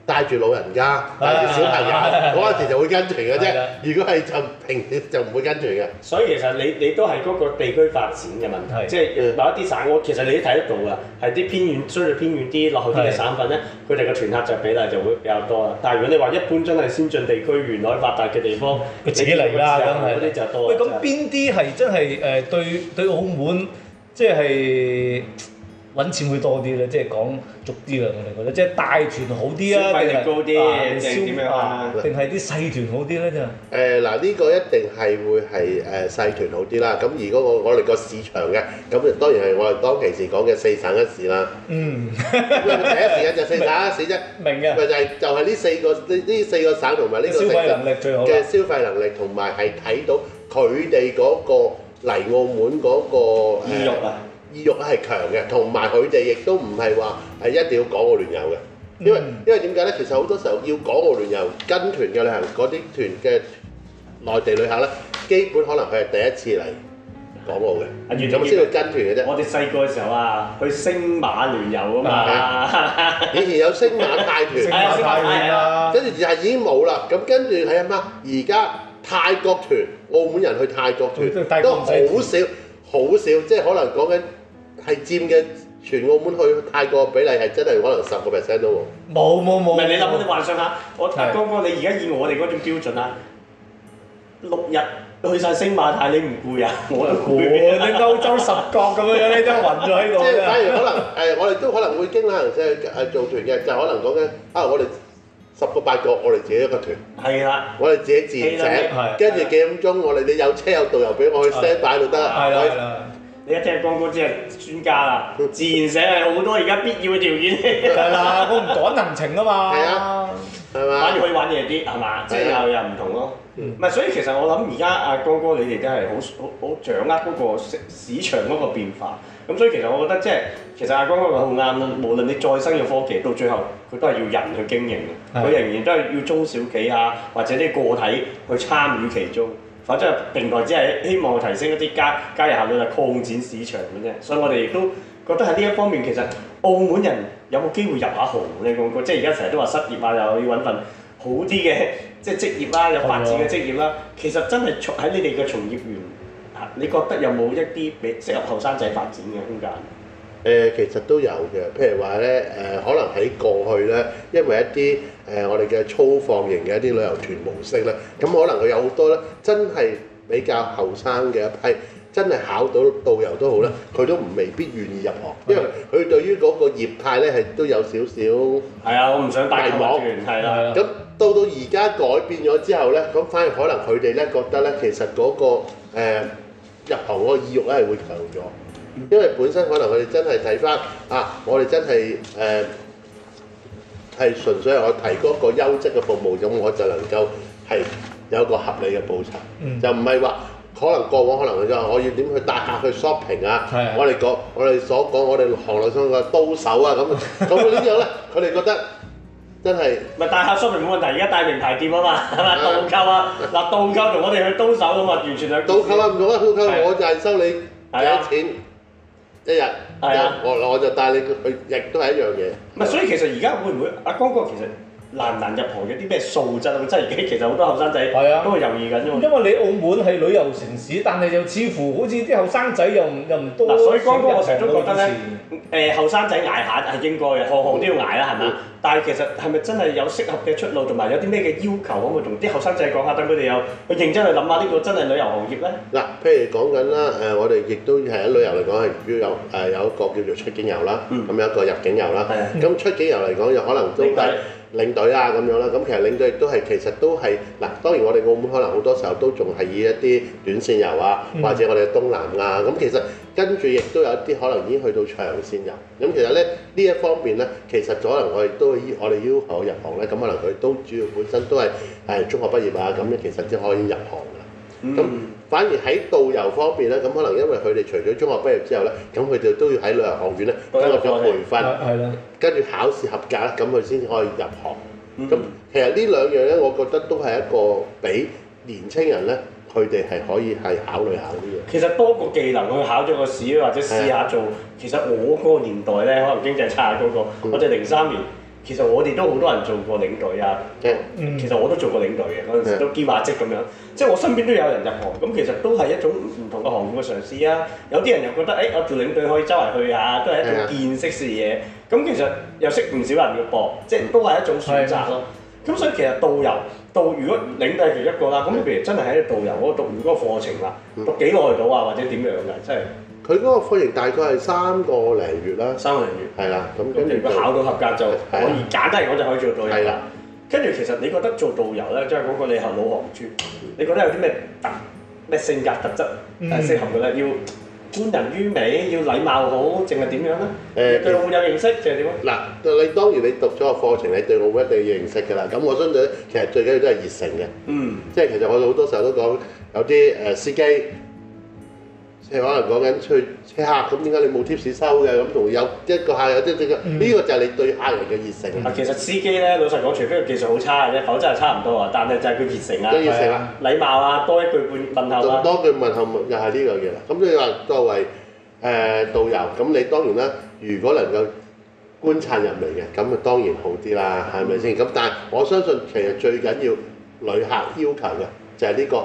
帶住老人家、帶住小朋友，嗰陣、啊啊啊、時就會跟隨嘅啫。的如果係就平，就唔會跟隨嘅。所以其實你你都係嗰個地區發展嘅問題，是即係某一啲省，我其實你都睇得到噶，係啲偏遠、相對偏遠啲、落後啲嘅省份咧，佢哋嘅團客就比例就會比較多啦。但係如果你話一般真係先進地區、沿海發達嘅地方，佢、嗯、自己嚟啦咁。啲就多。喂然，咁邊啲係真係誒對對澳門即係？就是揾錢會多啲咧，即係講俗啲啦，我哋覺得，即係大團好啲啊，定係啊，定係啲細團好啲咧就？誒嗱、呃，呢、呢個一定係會係誒細團好啲啦。咁而嗰、嗰個、我哋個市場嘅，咁當然係我哋當其時講嘅四省一市啦。嗯，第一時間就四省一市啫。明嘅白，咪就係就係呢四個呢呢四個省同埋呢個嘅消費能力，最好嘅消費能力，同埋係睇到佢哋嗰個嚟澳門嗰、嗰個意欲啊。意欲係強嘅，同埋佢哋亦都唔係話係一定要港澳聯遊嘅，因為、嗯、因為點解咧？其實好多時候要港澳聯遊跟團嘅旅行嗰啲團嘅內地旅客咧，基本可能佢係第一次嚟港澳嘅。有冇知道跟團嘅啫？我哋細個嘅時候啊，去星馬聯遊啊嘛， (laughs) 以前有星馬泰團， (laughs) 泰啊、跟住而家就已經冇啦。咁跟住係乜？而家泰國團澳門人去泰國團都好少，好少，即係可能講緊。係佔嘅全澳門去泰國比例係真係可能十個 percent 到喎！冇冇冇，你諗，你幻想下，我剛剛你而家以我哋嗰種標準啊，六日去晒星馬泰，你唔攰啊？我攰！你歐洲十國咁樣，呢都暈咗喺度啊！即係反而可能誒，我哋都可能會經旅行社誒做團嘅，就可能講緊啊，我哋十個八個，我哋自己一個團，係啦，我哋自己自己請，跟住幾點鐘我哋你有車有導遊俾我去 set 擺就得，係啦。你一聽光哥即係專家啦，自然社係好多而家必要嘅條件，係啦 (laughs) (laughs) ， (laughs) 我唔趕行程啊嘛，係啊， (laughs) 反而可以玩嘢啲係嘛，即係的又又唔同咯，唔係、嗯、所以其實我諗而家阿光哥你哋都係好好掌握嗰個市市場嗰個變化，咁所以其實我覺得即、就、係、是、其實阿光哥講好啱咯，無論你再新嘅科技，到最後佢都係要人去經營佢，的仍然都係要中小企啊或者啲個體去參與其中。或者平台只係希望提升一啲加加入效率，擴展市場嘅啫。所以我哋亦都覺得喺呢一方面，其實澳門人有冇機會入下行咧？咁即係而家成日都話失業啊，又要搵份好啲嘅即係職業啦，有發展嘅職業啦。的其實真係從喺你哋嘅從業員，你覺得有冇一啲俾適合後生仔發展嘅空間？誒，其實都有嘅。譬如話咧，誒、呃，可能喺過去咧，因為一啲。誒、呃，我哋嘅粗放型嘅一啲旅遊團模式咧，咁可能佢有好多咧，真係比較後生嘅一批，真係考到導遊都好咧，佢都唔未必願意入行，因為佢對於嗰個業態咧係都有少少係啊，我唔想大網，係啦係啦。咁到到而家改變咗之後咧，咁反而可能佢哋咧覺得咧，其實嗰、嗰個、呃、入行個意欲咧係會強咗，因為本身可能佢哋真係睇返啊，我哋真係誒。呃係純粹係我提供一個優質嘅服務，咁我就能夠係有一個合理嘅報酬，嗯、就唔係話可能過往可能佢就話我要點去帶客去 shopping 啊是的，我哋講我哋所講我哋行內商嘅刀手啊咁，咁呢樣咧佢哋覺得真係咪帶客 shopping 冇問題，而家帶名牌店啊嘛，係咪？導購啊，嗱導 (laughs) 購同我哋去刀手咁嘛，完全兩導購啊唔同啊，導購我就係收你係啊錢。一日，我我就帶你去，亦都係一樣嘢。唔係。所以其實而家會唔會阿江哥其實。難唔難入行有啲咩素質啊，即係幾其實好多後生仔都係猶豫緊啫，因為你澳門係旅遊城市，但係又似乎好似啲後生仔又唔咁多、呃。所以剛剛我成日都覺得咧，誒後生仔捱下係應該，行行都要捱啦，係咪？嗯、但係其實係咪真係有適合嘅出路，同埋有啲咩嘅要求，可唔可同啲後生仔講下，等佢哋有去認真去諗下呢個真係旅遊行業咧？嗱，譬如講緊啦，誒我哋亦都係喺旅遊嚟講係要有誒有一個叫做出境遊啦，咁、嗯、有一個入境遊啦。咁出境遊嚟講又可能都領隊啊咁樣啦，咁其實領隊都係其實都係嗱，當然我哋澳門可能好多時候都仲係以一啲短線遊啊，嗯、或者我哋嘅東南亞、啊、咁，其實跟住亦都有一啲可能已經去到長線遊。咁其實咧呢一方面咧，其實可能我哋都我哋要求入行咧，咁可能佢都主要本身都係誒中學畢業啊，咁樣其實先可以入行嘅。咁、嗯反而喺導遊方面咧，咁可能因為佢哋除咗中學畢業之後咧，咁佢哋都要喺旅遊學院咧經過咗培訓，跟住考試合格，咁佢先可以入行。咁、嗯、其實呢兩樣咧，我覺得都係一個俾年青人咧，佢哋係可以係考慮下啲嘢。其實多個技能，佢考咗個試或者試下做。的其實我嗰個年代咧，可能經濟差嗰個，嗯、我哋零三年。其實我哋都好多人做過領隊啊，Yeah. 其實我都做過領隊嘅，嗰陣 Yeah. 時都兼話職咁樣，Yeah. 即係我身邊都有人入行，咁其實都係一種唔同嘅行業嘅嘗試啊。有啲人又覺得，誒、哎、我做領隊可以周圍去下，都係一種見識事嘢。咁 Yeah. 其實又識唔少人嘅博，即係都係一種選擇咯。咁 Yeah. 所以其實導遊，導，導如果領隊係一個啦，咁你 Yeah. 譬如真係喺導遊度，嗰個讀完嗰個課程啦，讀幾耐到啊，或者點樣嘅，真係。佢嗰個課程大概係三個零月啦，三個零月，係啦，咁跟住考到合格就可以簡單講就可以做導遊。係啦的，跟住其實你覺得做導遊咧，即係嗰個你係老行住，嗯、你覺得有啲咩特咩性格特質係適合嘅咧？嗯、要見人於美，要禮貌好，淨係點樣咧？誒、嗯，老、呃、我有認識，淨係點？嗱，你當然你讀咗個課程，你對我一定要認識嘅啦。咁我相信其實最緊要都係熱誠嘅。嗯，即係其實我哋好多時候都講有啲誒司機。即係可能講緊出去車客，咁點解你冇貼士收嘅？咁同有一個客有啲點嘅？呢、嗯、個就係你對客人嘅熱誠。嗱、嗯，其實司機咧，老實講，除非技術好差嘅啫，否則係差唔多啊。但係就係佢熱誠啊，熱誠啊、嗯，禮貌啊，嗯、多一句半問候、啊、多句問候又係呢樣嘢啦。咁所以話作為誒導遊，咁你當然啦，如果能夠觀察入嚟嘅，咁啊當然好啲啦，係咪先？咁、嗯、但係我相信其實最緊要旅客要求嘅就係呢、呢個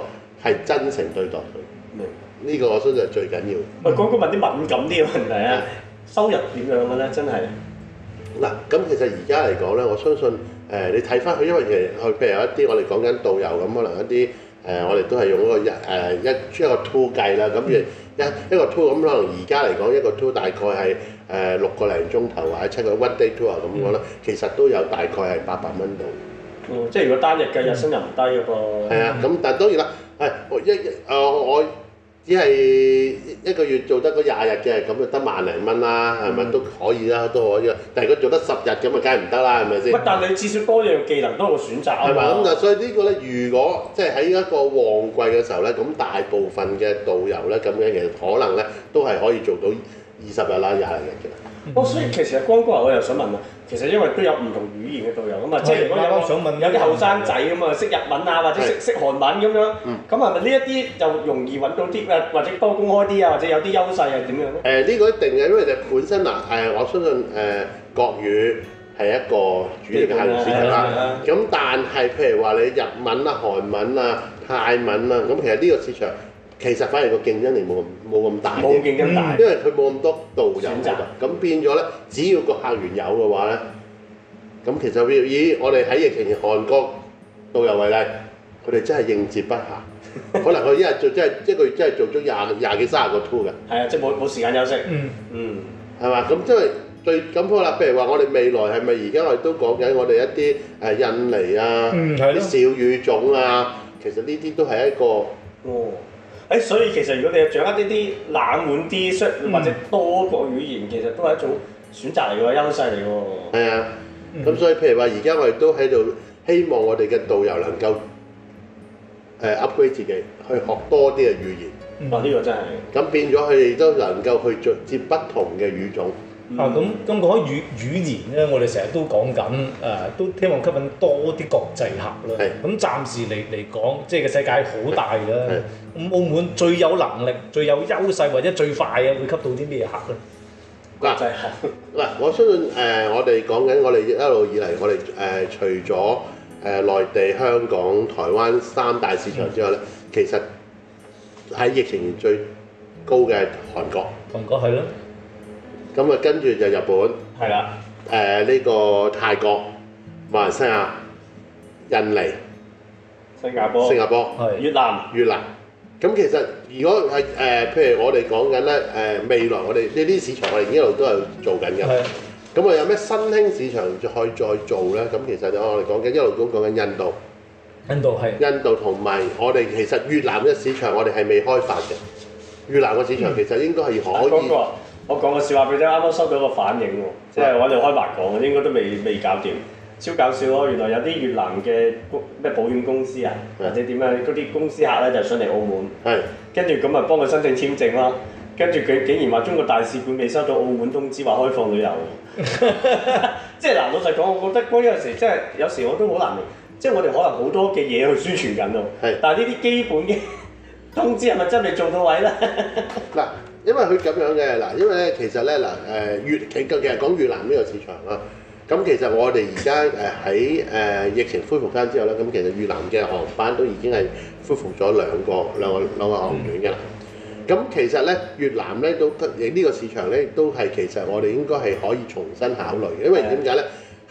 係真誠對待佢。嗯呢個我相信係最緊要。唔係、嗯，講講問啲敏感啲嘅問題啊！是收入點樣嘅咧？真係嗱，咁其實而家嚟講咧，我相信誒、呃，你睇翻佢，因為其實佢譬如有一啲我哋講緊導遊咁，可能一啲誒、呃，我哋都係用嗰個日一一個 tour 計啦。咁、呃、誒一一個 tour 咁，嗯、our, 可能而家嚟講一個 tour 大概係誒、呃、六個零鐘頭或者七個 one day tour 啊咁講咧，嗯、其實都有大概係八百蚊度，即係如果單日嘅日薪又唔低嘅噃。係、嗯、啊，咁但係當然啦，係一誒我。只係一個月做得嗰廿日嘅，咁就得萬零蚊啦，係咪、嗯、都可以啦，都可以啊。但係如果做得十日咁啊，梗係唔得啦，係咪先？唔但係你至少多樣技能，多個選擇啊嘛。係嘛，咁啊，嗯、所以個呢個咧，如果即係喺一個旺季嘅時候咧，咁大部分嘅導遊咧，咁樣其實可能咧都係可以做到二十日啦、廿日嘅。我、mm hmm。哦、所以其實光哥啊，我又想問啦，其實因為都有唔同語言嘅導遊啊嘛，嗯、即係如果我想問有啲後生仔啊嘛，的識日文啊或者識的識韓文咁樣，咁係咪呢一啲就容易揾到啲誒，或者多公開啲啊，或者有啲優勢係點樣咧？誒呢、呃呢個一定嘅，因為你本身嗱係、呃、我相信誒、呃、國語係一個主力嘅交流語言啦。咁但係譬如話你日文啊、韓文啊、泰文啊，咁其實呢個市場。其實反而個競爭力冇冇咁大，冇競爭大，因為佢冇咁多導遊選擇，咁變咗咧，只要個客源有嘅話咧，咁其實以我哋喺疫情前韓國導遊為例，佢哋真係應接不暇，可能佢一日做即係 (laughs) 一個月真係做咗廿廿幾三十個 tour 㗎。係啊，即係冇冇時間休息。嗯嗯，係嘛？咁即係對咁好啦，譬如話我哋未來係咪而家我哋都講緊我哋一啲誒印尼啊，啲小語種啊，其實呢啲都係一個。哦誒，所以其實如果你掌握啲啲冷門啲，或者多國語言，其實都係一種選擇嚟嘅優勢嚟喎。係啊，咁所以譬如話，而家我哋都喺度希望我哋嘅導遊能夠誒 upgrade 自己，去學多啲嘅語言。哇、啊！呢、呢個真係咁變咗，佢哋都能夠去接接不同嘅語種。啊，咁咁講起語語言咧，我哋成日都講緊，誒，都希望吸引多啲國際客啦。係是。咁暫時嚟嚟講，即係個世界好大啦。咁是澳門最有能力、最有優勢或者最快嘅，會吸到啲咩客咧？啊、國際客。嗱、啊，我相信誒、呃，我哋講緊，我哋一路以嚟，我哋誒，除咗誒內地、香港、台灣三大市場之外咧，嗯、其實喺疫情最高嘅係韓國。韓國係啦。咁啊，跟住就日本，係啦的，誒呢、呃呢個泰國、馬來西亞、印尼、新加坡、新加坡、的越南、越南。咁其實如果係誒、呃，譬如我哋講緊咧，誒、呃呃、未來我哋呢啲市場我，的我哋一路都係做緊嘅。咁啊，有咩新興市場可以再做咧？咁其實我哋講緊一路都講緊印度，印度係。印度同埋我哋其實越南嘅市場，我哋係未開發嘅。越南嘅市場其實應該係可以、嗯。我講個笑話俾你，啱啱收到個反應喎，即係揾個開發講，應該都未未搞掂，超搞笑咯！原來有啲越南嘅咩保險公司啊，或者點樣，嗰啲公司客咧就上嚟澳門，跟住咁啊幫佢申請簽證咯，跟住佢竟然話中國大使館未收到澳門通知話開放旅遊， (laughs) (laughs) 即係嗱老實講，我覺得嗰陣時即係有時我都好難明，即係我哋可能好多嘅嘢去宣傳緊咯，但係呢啲基本嘅通知係咪真係做到位咧？嗱。 (laughs) 因為佢咁樣嘅嗱，因為咧其實咧嗱誒越其其其實講越南呢個市場啦，咁其實我哋而家誒喺誒疫情恢復翻之後咧，咁其實越南嘅航班都已經係恢復咗兩個兩個兩個航點嘅啦。咁、嗯、其實咧越南咧都嘅呢、這個市場咧都係其實我哋應該係可以重新考慮嘅，因為點解咧？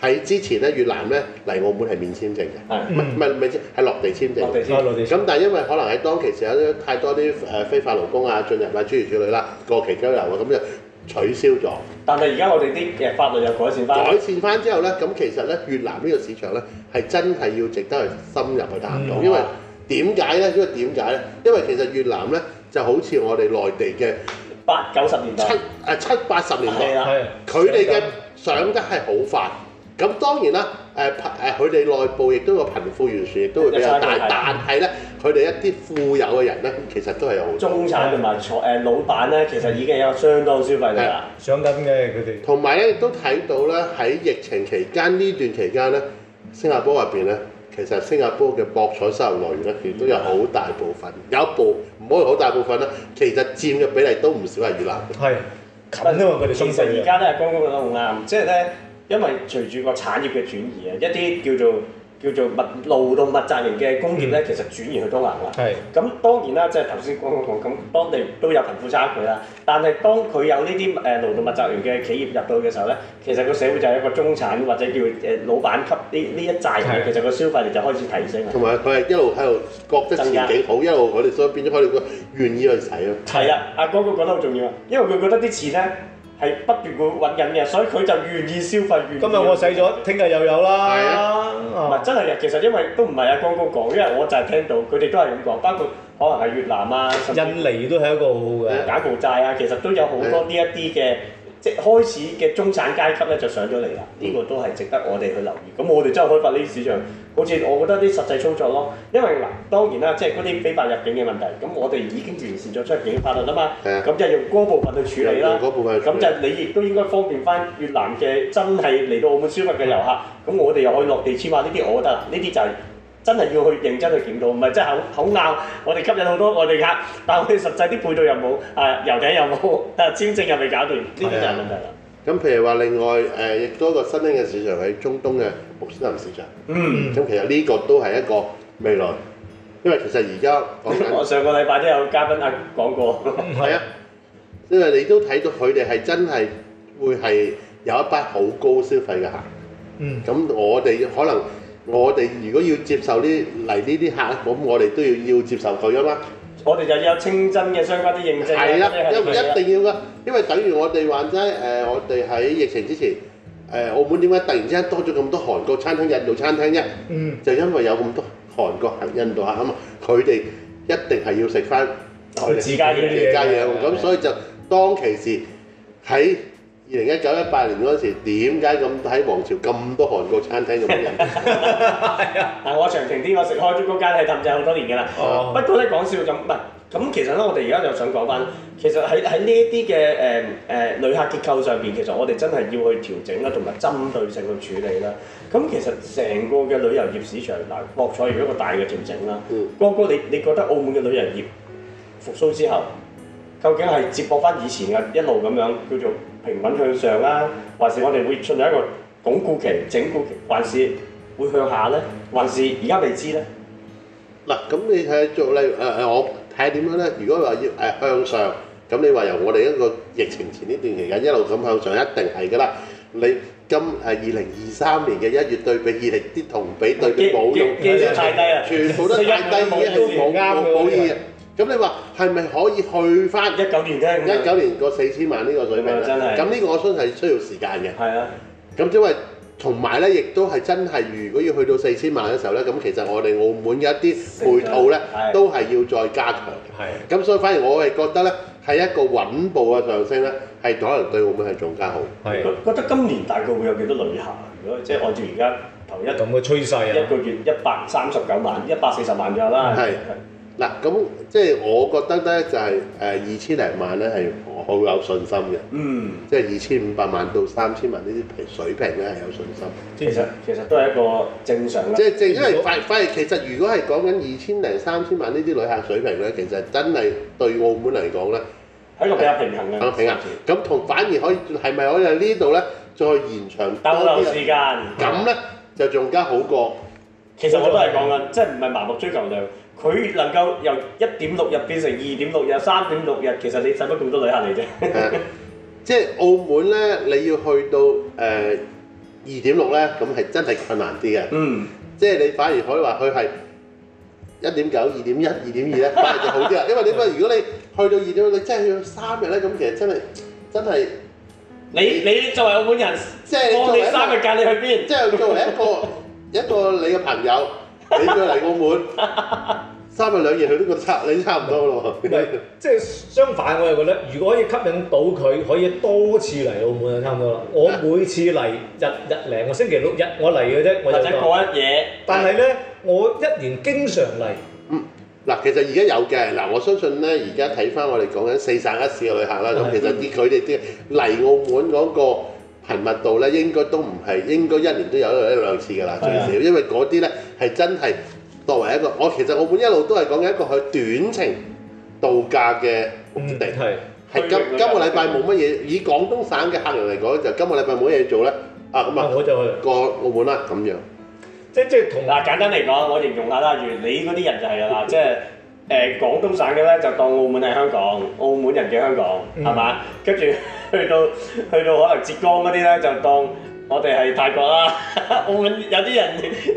喺之前咧，越南咧嚟澳門係免簽證嘅，唔係唔係唔係落地簽證。落地簽，咁但係因為可能喺當期時有太多啲誒非法勞工啊進入啊諸如此類啦，過期交流啊，咁就取消咗。但係而家我哋啲嘅法律又改善翻。改善翻之後咧，咁其實咧越南呢個市場咧係真係要值得去深入去探討，因為點解咧？因為點解咧？因為其實越南咧就好似我哋內地嘅八九十年代，七誒七八十年代，佢哋嘅上得係好快。咁當然啦，誒貧佢哋內部亦都有貧富懸殊，亦都會比較大。但係咧，佢哋一啲富有嘅人咧，其實都係有好中產同埋財誒老闆咧，其實已經有相當消費力啦，上緊嘅佢哋。同埋咧亦都睇到咧喺疫情期間呢段期間咧，新加坡入邊咧，其實新加坡嘅博彩收入來源咧，亦都有好大部分，有一部唔可以好大部分啦。其實佔嘅比例都唔少係越南嘅，係因為佢哋，麼其實而家咧係光光紅暗，即係咧。因為隨住個產業嘅轉移啊，一啲叫做叫做物勞，勞動密集型嘅工業咧，其實轉移去東南亞。係是。咁當然啦，即係頭先講講咁，當地都有貧富差距啦。但係當佢有呢啲誒勞動密集型嘅企業入到嘅時候咧，其實個社會就係一個中產或者叫誒老闆級呢呢一羣人，其實個消費力就開始提升。同埋佢係一路喺度覺得前景好，一路我哋所以變咗佢哋願意去使咯。係啊，阿哥哥講得好重要啊，因為佢覺得啲錢咧。係不斷咁揾人嘅，所以佢就願意消費。今日我使咗，聽日又有啦。係啊的，唔係、嗯、真係嘅。其實因為都唔係阿光哥講，因為我就係聽到佢哋都係咁講，包括可能係越南啊、印尼都係一個好嘅柬埔寨啊，其實都有好多呢一啲嘅。即係開始嘅中產階級咧就上咗嚟啦，呢、這個都係值得我哋去留意。咁、嗯、我哋真係開發呢啲市場，好似我覺得啲實際操作咯。因為嗱，當然啦，即係嗰啲非法入境嘅問題，咁我哋已經完善咗出入境嘅法律啊嘛。係啊，咁、嗯、就用嗰部分去處理啦。嗰部分咁就你亦都應該方便翻越南嘅真係嚟到澳門消費嘅遊客，咁、嗯、我哋又可以落地簽啊！呢啲我覺得啦，呢啲就係、是。真係要去認真去檢討，唔係真係好好拗。我哋吸引好多我哋客，但係我哋實際啲配套又冇，啊遊艇又冇，啊簽證又未搞掂，呢啲就係問題啦。咁譬、啊、如話，另外誒亦都一個新興嘅市場喺中東嘅穆斯林市場。嗯。咁其實呢個都係一個未來，因為其實而家我，我上個禮拜都有嘉賓啊講過。係啊，因為是你都睇到佢哋係真係會係有一筆好高消費嘅客。嗯。咁我哋可能。我哋如果要接受呢嚟呢啲客，咁我哋都要要接受佢啊嘛。我哋就要有清真嘅相關啲認證。係啦了，一一定要㗎，因為等於我哋話齋誒，我哋喺疫情之前、呃、澳門點解突然之間多咗咁多韓國餐廳、印度餐廳啫？嗯，就因為有咁多韓國客、印度客啊嘛，佢哋一定係要食返佢自家嘅嘢。自家嘢咁，對對對，所以就當其時喺。二零一九一八年嗰時，點解咁喺皇朝咁多韓國餐廳咁多人？係啊！嗱，我長情啲，我食開中高街係氹仔好多年嘅啦。不過咧講笑咁，唔係咁，其實咧，我哋而家就想講翻，其實喺喺呢一啲嘅誒誒旅客結構上邊，其實我哋真係要去調整啦，同埋針對性去處理啦。咁其實成個嘅旅遊業市場，嗱博彩有一個大嘅調整啦。哥哥、嗯，你你覺得澳門嘅旅遊業復甦之後，究竟係接駁翻以前嘅一路咁樣叫做，平穩向上啊，還是我哋會進入一個鞏固期、整固期，還是會向下咧？還是而家未知咧？嗱，咁你係做例誒誒，我睇下點樣咧？如果話要誒向上，咁你話由我哋一個疫情前呢段期間一路咁向上，一定係噶啦。你今誒二零二三年嘅一月對比二零啲同比對比冇用嘅，全部都太低啊！全部都太低，都冇啱冇用。咁你話係咪可以去翻一九年啫？一九年個四千萬呢個水平，真係，咁呢個我相信係需要時間嘅。係啊，咁因為同埋咧，亦都係真係，如果要去到四千萬嘅時候咧，咁其實我哋澳門嘅一啲配套咧，都係要再加強。係。咁所以反而我係覺得咧，係一個穩步嘅上升咧，係可能對澳門係仲加好。係。覺覺得今年大概會有幾多旅客？如果即係按照而家頭一咁嘅趨勢，一個月一百三十九萬、一百四十萬左右啦。係。嗱咁，即係我覺得咧，就係誒二千零萬咧，係好有信心嘅。嗯，即係二千五百萬到三千萬呢啲皮水平咧，係有信心其。其實其實都係一個正常。即係正，因為反反而其實，如果係講緊二千零三千萬呢啲旅客水平咧，其實真係對澳門嚟講咧，係一個比較平衡嘅。平衡。咁同反而可以係咪可以喺呢度咧，再延長多啲時間？咁咧嗎就仲加好過。其實我都係講緊，即係唔係盲目追求量。佢能夠由一點六日變成二點六日、三點六日，其實你使乜咁多旅行嚟啫？誒，即係澳門咧，你要去到誒二點六咧，咁係真係困難啲嘅。嗯，即係你反而可以話佢係一點九、二點一、二點二咧，反而就好啲啦。因為你話如果你去到二點六，你真係去到三日咧，咁其實真係真係你你作為澳門人，即係當你三日假你去邊？即係作為一個一個你嘅朋友，你再嚟澳門。三日兩夜去呢個差，你差唔多咯。唔 (laughs) 即係相反，我又覺得，如果可以吸引到佢，可以多次嚟澳門就差唔多啦。我每次嚟日日零，我星期六日我嚟嘅啫。我或者過一夜。但係是呢，我一年經常嚟。嗱、嗯，其實而家有嘅嗱，我相信呢，而家睇翻我哋講緊四省一市嘅旅客啦，咁的其實啲佢哋啲嚟澳門嗰個頻密度呢，應該都唔係應該一年都有一一兩次嘅啦，最少。的因為嗰啲呢，係真係。作為一個，我其實澳門一路都係講緊一個去短程度假嘅目的地，係、嗯、今今個禮拜冇乜嘢。晚以廣東省嘅客人嚟講，就今個禮拜冇乜嘢做咧。啊，咁啊，嗯、我就過澳門啦，咁樣。即即係同啊簡單嚟講，我形容下啦，如你嗰啲人就係啦，即係誒廣東省嘅咧，就當澳門係香港，澳門人嘅香港，係嘛、嗯吧？跟住去到去到可能浙江嗰啲咧，就當。我哋係泰國啦，澳門有啲人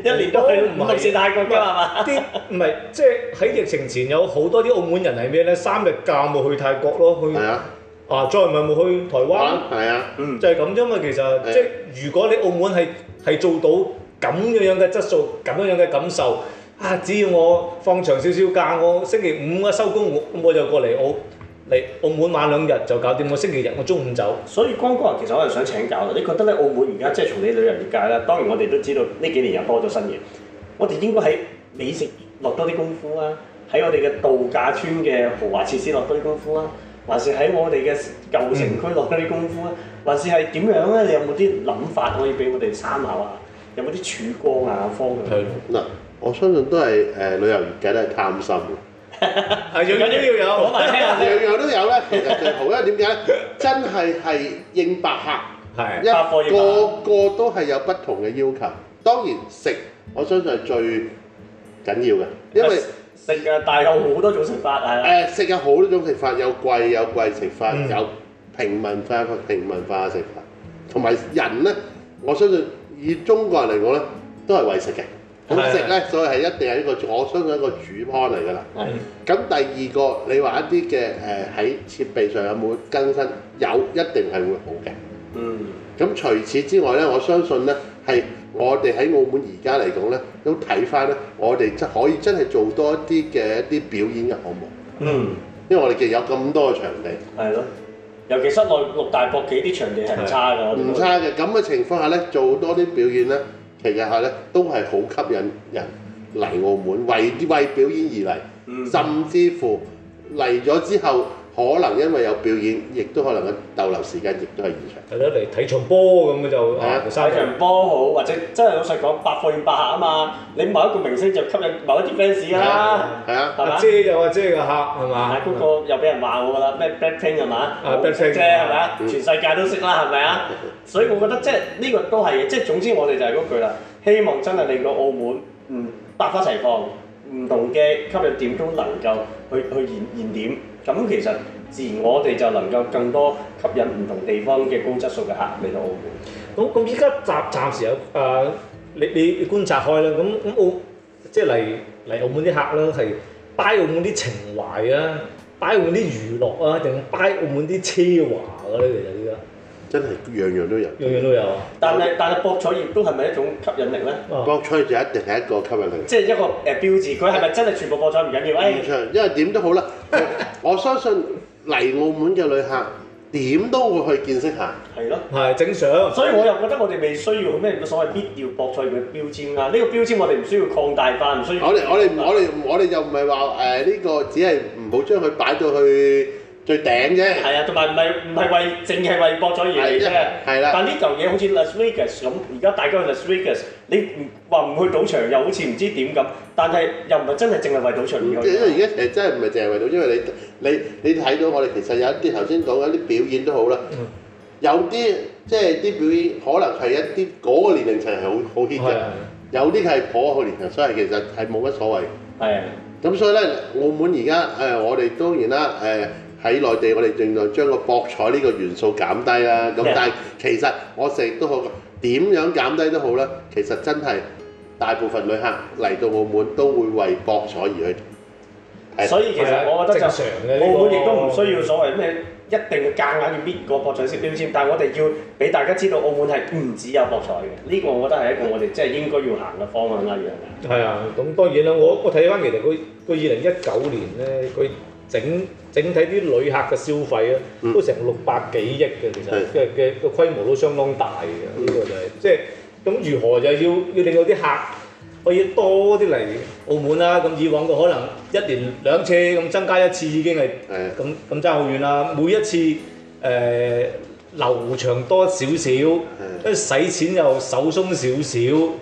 一年都去唔少泰國㗎嘛？啲唔係，即係喺疫情前有好多啲澳門人係咩咧？三日假咪去泰國咯，去是啊，啊，再唔係咪去台灣，係啊，啊嗯、就係咁啫嘛。其實是、啊、即係如果你澳門係係做到咁樣樣嘅質素，咁樣樣嘅感受，啊，只要我放長少少假，我星期五一收工，我我就過嚟澳。嚟澳門玩兩日就搞掂，我星期日我中午走。所以光哥，其實我係想請教你覺得咧，澳門而家即係從你旅遊業界啦，當然我哋都知道呢幾年有多咗新嘢，我哋應該喺美食落多啲功夫啊，喺我哋嘅度假村嘅豪華設施落多啲功夫啊，還是喺我哋嘅舊城區落多啲功夫啊，嗯、還是係點樣咧？你有冇啲諗法可以俾我哋參考下？有冇啲曙光啊？方啊？向？嗱，我相信都係誒、呃、旅遊業界都係貪心係，樣樣都有，講埋都有咧， (laughs) 其實最好，因為點解真係係應百客，係，個 for yourself. 個個都係有不同嘅要求。當然食，我相信係最緊要嘅，因為食啊，大有好多種食法係。誒、呃，食有好多種食法，有貴有貴食法，嗯、有平民化、平民化嘅食法，同埋人咧，我相信以中國人嚟講咧，都係為食嘅。好食咧，所以係一定係一個的我相信係一個主菜嚟㗎啦。咁的第二個，你話一啲嘅誒喺設備上有冇更新？有，一定係會好嘅。嗯。咁除此之外咧，我相信咧係我哋喺澳門而家嚟講咧，都睇翻咧，我哋真可以真係做多一啲嘅一啲表演嘅項目。嗯。因為我哋其實有咁多嘅場地。係咯。尤其室內六大博企啲場地係唔差㗎。唔的差嘅，咁嘅情況下咧，做多啲表演咧。其實咧都係好吸引人嚟澳門，為為表演而嚟，嗯、甚至乎嚟咗之後。可能因為有表演，亦都可能嘅逗留時間亦都係延長。係咯，嚟睇場波咁嘅就，睇場波好，或者真係老實講，百貨應百客啊嘛。你某一個明星就吸引某一啲 fans 啦。係啊，即係有啊即係個客係嘛？嗰個又俾人話我啦，咩 blackpink 係嘛？blackpink 啫係嘛？全世界都識啦係咪啊？所以我覺得即係呢個都係嘅，即係總之我哋就係嗰句啦。希望真係令到澳門，嗯，百花齊放，唔同嘅吸引點都能夠去去燃燃點。咁其實自然我哋就能夠更多吸引唔同地方嘅高質素嘅客嚟到澳門。咁咁依家暫暫時有誒、啊，你你觀察開啦。咁咁澳即係嚟嚟澳門啲客啦，係 buy 澳門啲情懷啊，buy 澳門啲娛樂啊，定 buy 澳門啲奢華㗎咧，其實依家。真係樣樣都有，樣樣都有。但係但係博彩業都係咪一種吸引力咧？博彩就一定係一個吸引力。即係一個誒標誌，佢係咪真係全部博彩唔緊要？唔錯，誒因為點都好啦，我相信嚟澳門嘅旅客點都會去見識下。係咯，係整相正常。所以我又覺得我哋未需要咩所謂必要博彩嘅標籤啊。呢個標籤我哋唔需要擴大化，唔需要。我哋我哋我哋我哋又唔係話誒呢個，只係唔好將佢擺到去。最頂啫，係啊，同埋唔係唔係為淨係為博咗而嚟啫，係啦。但呢嚿嘢好似阿 s n i c k s 咁，而家大家都係 s n i c k s 你唔話唔去賭場，又好似唔知點咁。但係又唔係真係淨係為賭場。因為而家其誒真係唔係淨係為賭，因為你你你睇到我哋其實有一啲頭先講嗰啲表演都好啦。嗯、有啲即係啲表演，可能係一啲嗰個年齡層係好好 hit 嘅，哎、呀 有啲係嗰個年齡層，所以其實係冇乜所謂。係。咁所以咧，澳門而家誒，我哋當然啦誒。哎喺內地，我哋儘量將個博彩呢個元素減低啦。咁的但係其實我成日都好，點樣減低都好啦。其實真係大部分旅客嚟到澳門都會為博彩而去。所以其實我覺得正常嘅，澳門亦都唔需要所謂咩一定要夾硬要搣個博彩式標籤。但係我哋要俾大家知道，澳門係唔只有博彩嘅。呢個我覺得係一個我哋真係應該要行嘅方向啦，楊生。係啊，咁當然啦。我我睇翻其實佢佢二零一九年呢，佢整。整體啲旅客嘅消費咧，都成六百幾億嘅，其實嘅嘅個規模都相當大嘅，呢、這個就係、是、即係咁如何就要要令到啲客可以多啲嚟澳門啦、啊。咁以往個可能一年兩次咁增加一次已經係咁咁爭好遠啦。每一次誒、呃、留長多少少，一使是的 錢又手鬆少少，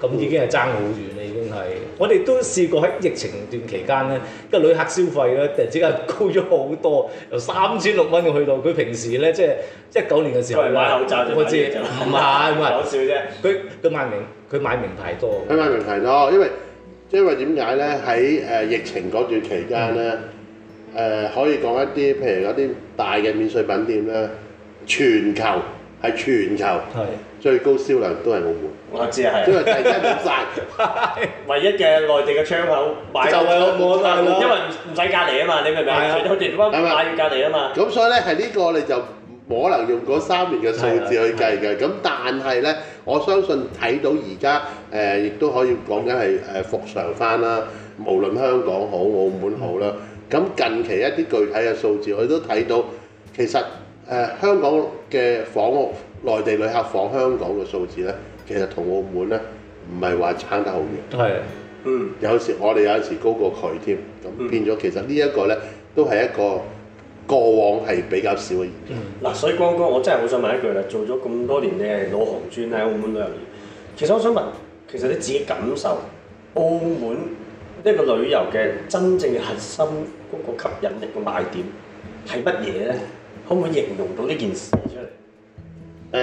咁已經係爭好遠。係，我哋都試過喺疫情段期間咧，個旅客消費咧突然之間高咗好多，由三千六蚊去到佢平時咧，即係即一九年嘅時候買口罩，我好似唔係，唔係搞笑啫。佢佢買名，佢買名牌多，佢買名牌多，因為因為點解咧？喺誒疫情嗰段期間咧，誒的、呃、可以講一啲譬如嗰啲大嘅免稅品店咧，全球係全球係。的最高銷量都係澳門，我知係，因為睇得冇曬，唯一嘅內地嘅窗口買，就係澳門，因為唔唔使隔離啊嘛，你明唔明？內地幫買要隔離啊嘛。咁所以咧，係呢個你就冇可能用嗰三年嘅數字去計嘅。咁但係咧，我相信睇到而家誒，亦都可以講緊係誒復常翻啦。無論香港好，澳門好啦。咁近期一啲具體嘅數字，我都睇到，其實誒香港嘅房屋。內地旅客訪香港嘅數字咧，其實同澳門咧唔係話差得好遠。係的，嗯，有時我哋有陣時高過佢添，咁、嗯、變咗其實呢一個咧都係一個過往係比較少嘅現象。嗱、嗯，所以光哥，我真係好想問一句啦，做咗咁多年嘅老行尊喺澳門旅遊業，其實我想問，其實你自己感受澳門一個旅遊嘅真正嘅核心嗰、那個吸引力嘅賣點係乜嘢咧？可唔可以形容到呢件事？誒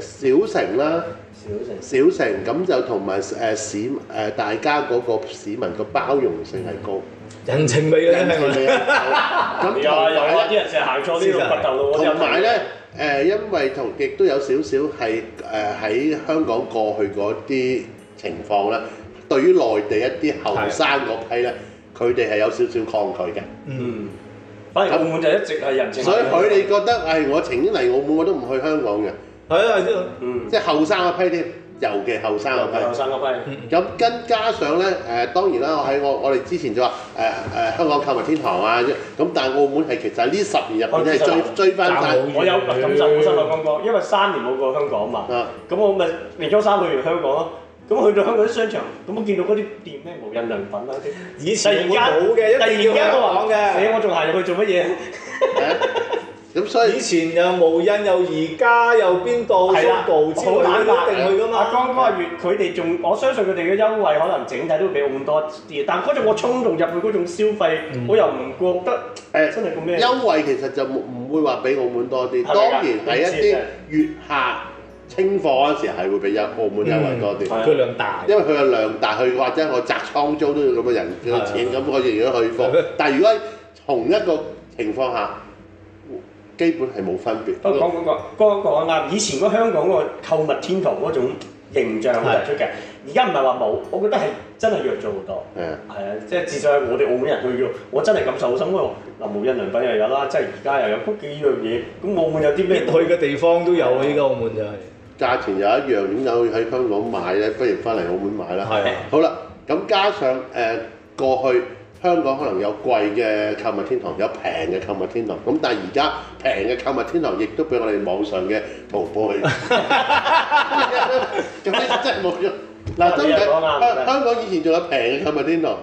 小城啦，小城，小城咁就同埋誒市誒大家嗰個市民個包容性係高，人情味啦，人情味啊！咁又有啲人成日行錯呢條骨頭路喎，同埋咧誒，因為同亦都有少少係誒喺香港過去嗰啲情況啦。對於內地一啲後生嗰批咧，佢哋係有少少抗拒嘅。嗯，反而澳門就一直係人情，所以佢哋覺得誒，我情願嚟澳門，我都唔去香港嘅。係啊，即係後生個批啲，尤其後生個批，後生個批，咁跟加上咧，誒當然啦，我喺我我哋之前就話，誒誒香港購物天堂啊，咁但係澳門係其實呢十年入邊係追追翻，我有感受，本身我講過，因為三年冇過香港嘛，咁我咪嚟咗三個月香港咯，咁我去到香港啲商場，咁我見到嗰啲店咧，無印良品啦，啲以前會好嘅，但係而家都話講嘅，死，我仲行入去做乜嘢？以前又無印，又而家又邊度？係啦，好難一定去㗎嘛。剛剛月佢哋仲我相信佢哋嘅優惠，可能整體都會比澳門多啲。但係嗰種我衝動入去嗰種消費，我又唔覺得誒真係咁咩？優惠其實就唔會話比澳門多啲。當然係一啲月下清貨嗰時係會比澳澳門優惠多啲，佢量大。因為佢嘅量大，去或者我砸倉租都要咁嘅人嘅錢咁，我仍然去貨。但係如果同一個情況下。基本係冇分別。不過講講講講講啦，以前香港個購物天堂嗰種形象好突出嘅。而家唔係話冇，我覺得係真係弱咗好多。係啊的，係啊的，即係至少喺我哋澳門人去到，我真係感受好深。嗱，無印良品又有啦，即係而家又有幾樣嘢。咁澳門有啲咩去嘅地方都有啊？依家澳門就係、是。價錢又一樣，點解要喺香港買咧？不如翻嚟澳門買啦。係啊的。好啦，咁加上誒、呃、過去。香港可能有貴嘅購物天堂，有平嘅購物天堂。咁但係而家平嘅購物天堂亦都比我哋網上嘅淘寶貴。咁 (laughs) (laughs) 真係冇用。嗱 (laughs) 香港以前仲有平嘅購物天堂。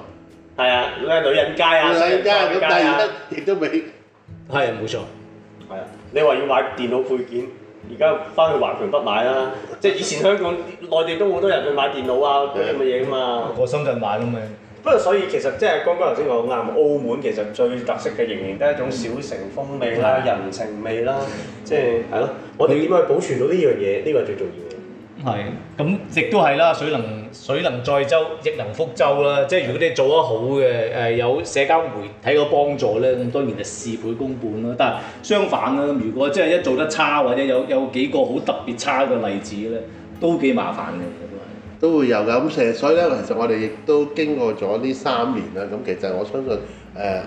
係啊，如果係女人街啊，女人街啊，亦都未。係冇錯。係啊，你話要買電腦配件，而家翻去華強北買啦、啊。即係 (laughs) 以前香港內地都好多人去買電腦啊啲咁嘅嘢㗎嘛。過深圳買啊嘛。不過，所以其實即係剛剛頭先講啱，澳門其實最特色嘅仍然都係一種小城風味啦、嗯、人情味啦，即係係咯。我哋點去保存到呢樣嘢？呢個、嗯、係最重要嘅。係咁，亦都係啦。水能水能載舟，亦能覆舟啦。即係如果你做得好嘅誒，有社交媒體嘅幫助咧，咁當然就事倍功半啦。但係相反啦，咁如果即係一做得差或者有有幾個好特別差嘅例子咧，都幾麻煩嘅。都會有㗎，咁所以咧，其實我哋亦都經過咗呢三年啦，咁其實我相信，誒，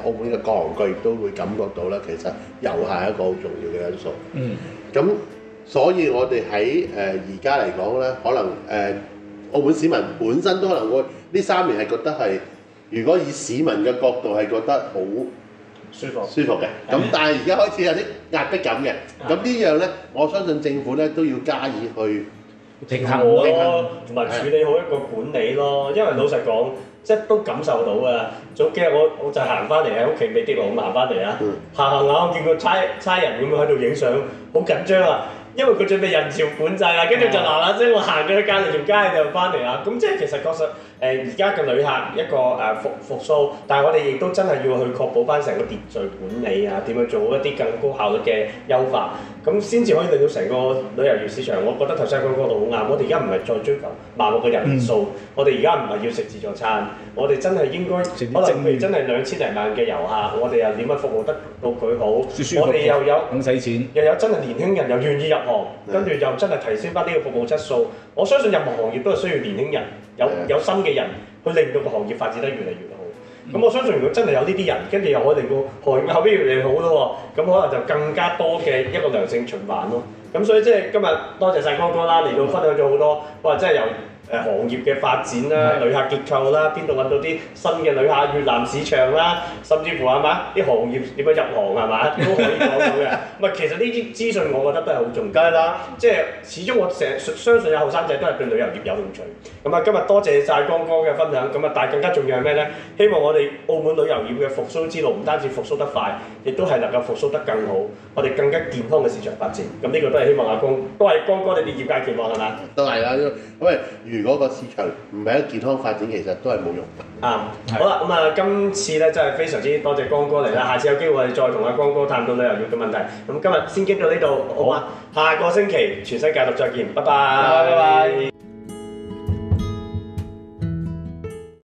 澳門嘅各行各業都會感覺到啦，其實遊客係一個好重要嘅因素。嗯。咁，所以我哋喺誒而家嚟講咧，可能誒、呃、澳門市民本身都可能會呢三年係覺得係，如果以市民嘅角度係覺得好舒服舒服嘅，咁但係而家開始有啲壓迫感嘅，咁、嗯、呢樣咧，我相信政府咧都要加以去。平衡咯，同埋處理好一個管理咯。因為老實講，是的 即係都感受到啊。早幾日我我就行翻嚟喺屋企未跌落，我行翻嚟啊。行行下我見個差差人咁樣喺度影相，好緊張啊。因為佢準備人潮管制啦，跟住就嗱嗱聲我行咗去隔籬條街就翻嚟啦。咁是的 即係其實確實。誒而家嘅旅客一個誒、啊、復復甦，但係我哋亦都真係要去確保翻成個秩序管理啊，點樣做一啲更高效率嘅優化，咁先至可以令到成個旅遊業市場。我覺得頭先阿高哥講到好啱，我哋而家唔係再追求麻木嘅人數，嗯、我哋而家唔係要食自助餐，我哋真係應該、嗯、可能譬如真係兩千零萬嘅遊客，我哋又點樣服務得到佢好？我哋又有唔使錢又有真係年輕人又願意入行，跟住的又真係提升翻呢個服務質素。我相信任何行業都係需要年輕人。有有新嘅人，去令到個行業發展得越嚟越好。咁、嗯、我相信，如果真係有呢啲人，跟住又可以令到行業後邊越嚟越好咯。咁可能就更加多嘅一個良性循環咯。咁所以即係今日多謝晒光哥啦，嚟到分享咗好多，哇！真係由行業嘅發展啦，旅客結構啦，邊度揾到啲新嘅旅客？越南市場啦，甚至乎係嘛？啲行業點樣入行係嘛？都可以講到嘅。咁係，其實呢啲資訊我覺得都係好重要啦。即係始終我成日相信有後生仔都係對旅遊業有興趣。咁啊，今日多謝晒光哥嘅分享。咁啊，但係更加重要係咩呢？希望我哋澳門旅遊業嘅復甦之路唔單止復甦得快，亦都係能夠復甦得更好。我哋更加健康嘅市場發展。咁呢個都係希望阿光，都係光哥你哋業界期望係咪？都係啦。喂對，嗯如果個市場唔係健康發展，其實都係冇用。啊，好啦，咁啊，今次咧真係非常之多謝光哥嚟啦，下次有機會再同阿光哥探討旅遊業嘅問題。咁今日先傾到呢度，好啊！好吧下個星期傳新解毒再見，拜拜。拜拜。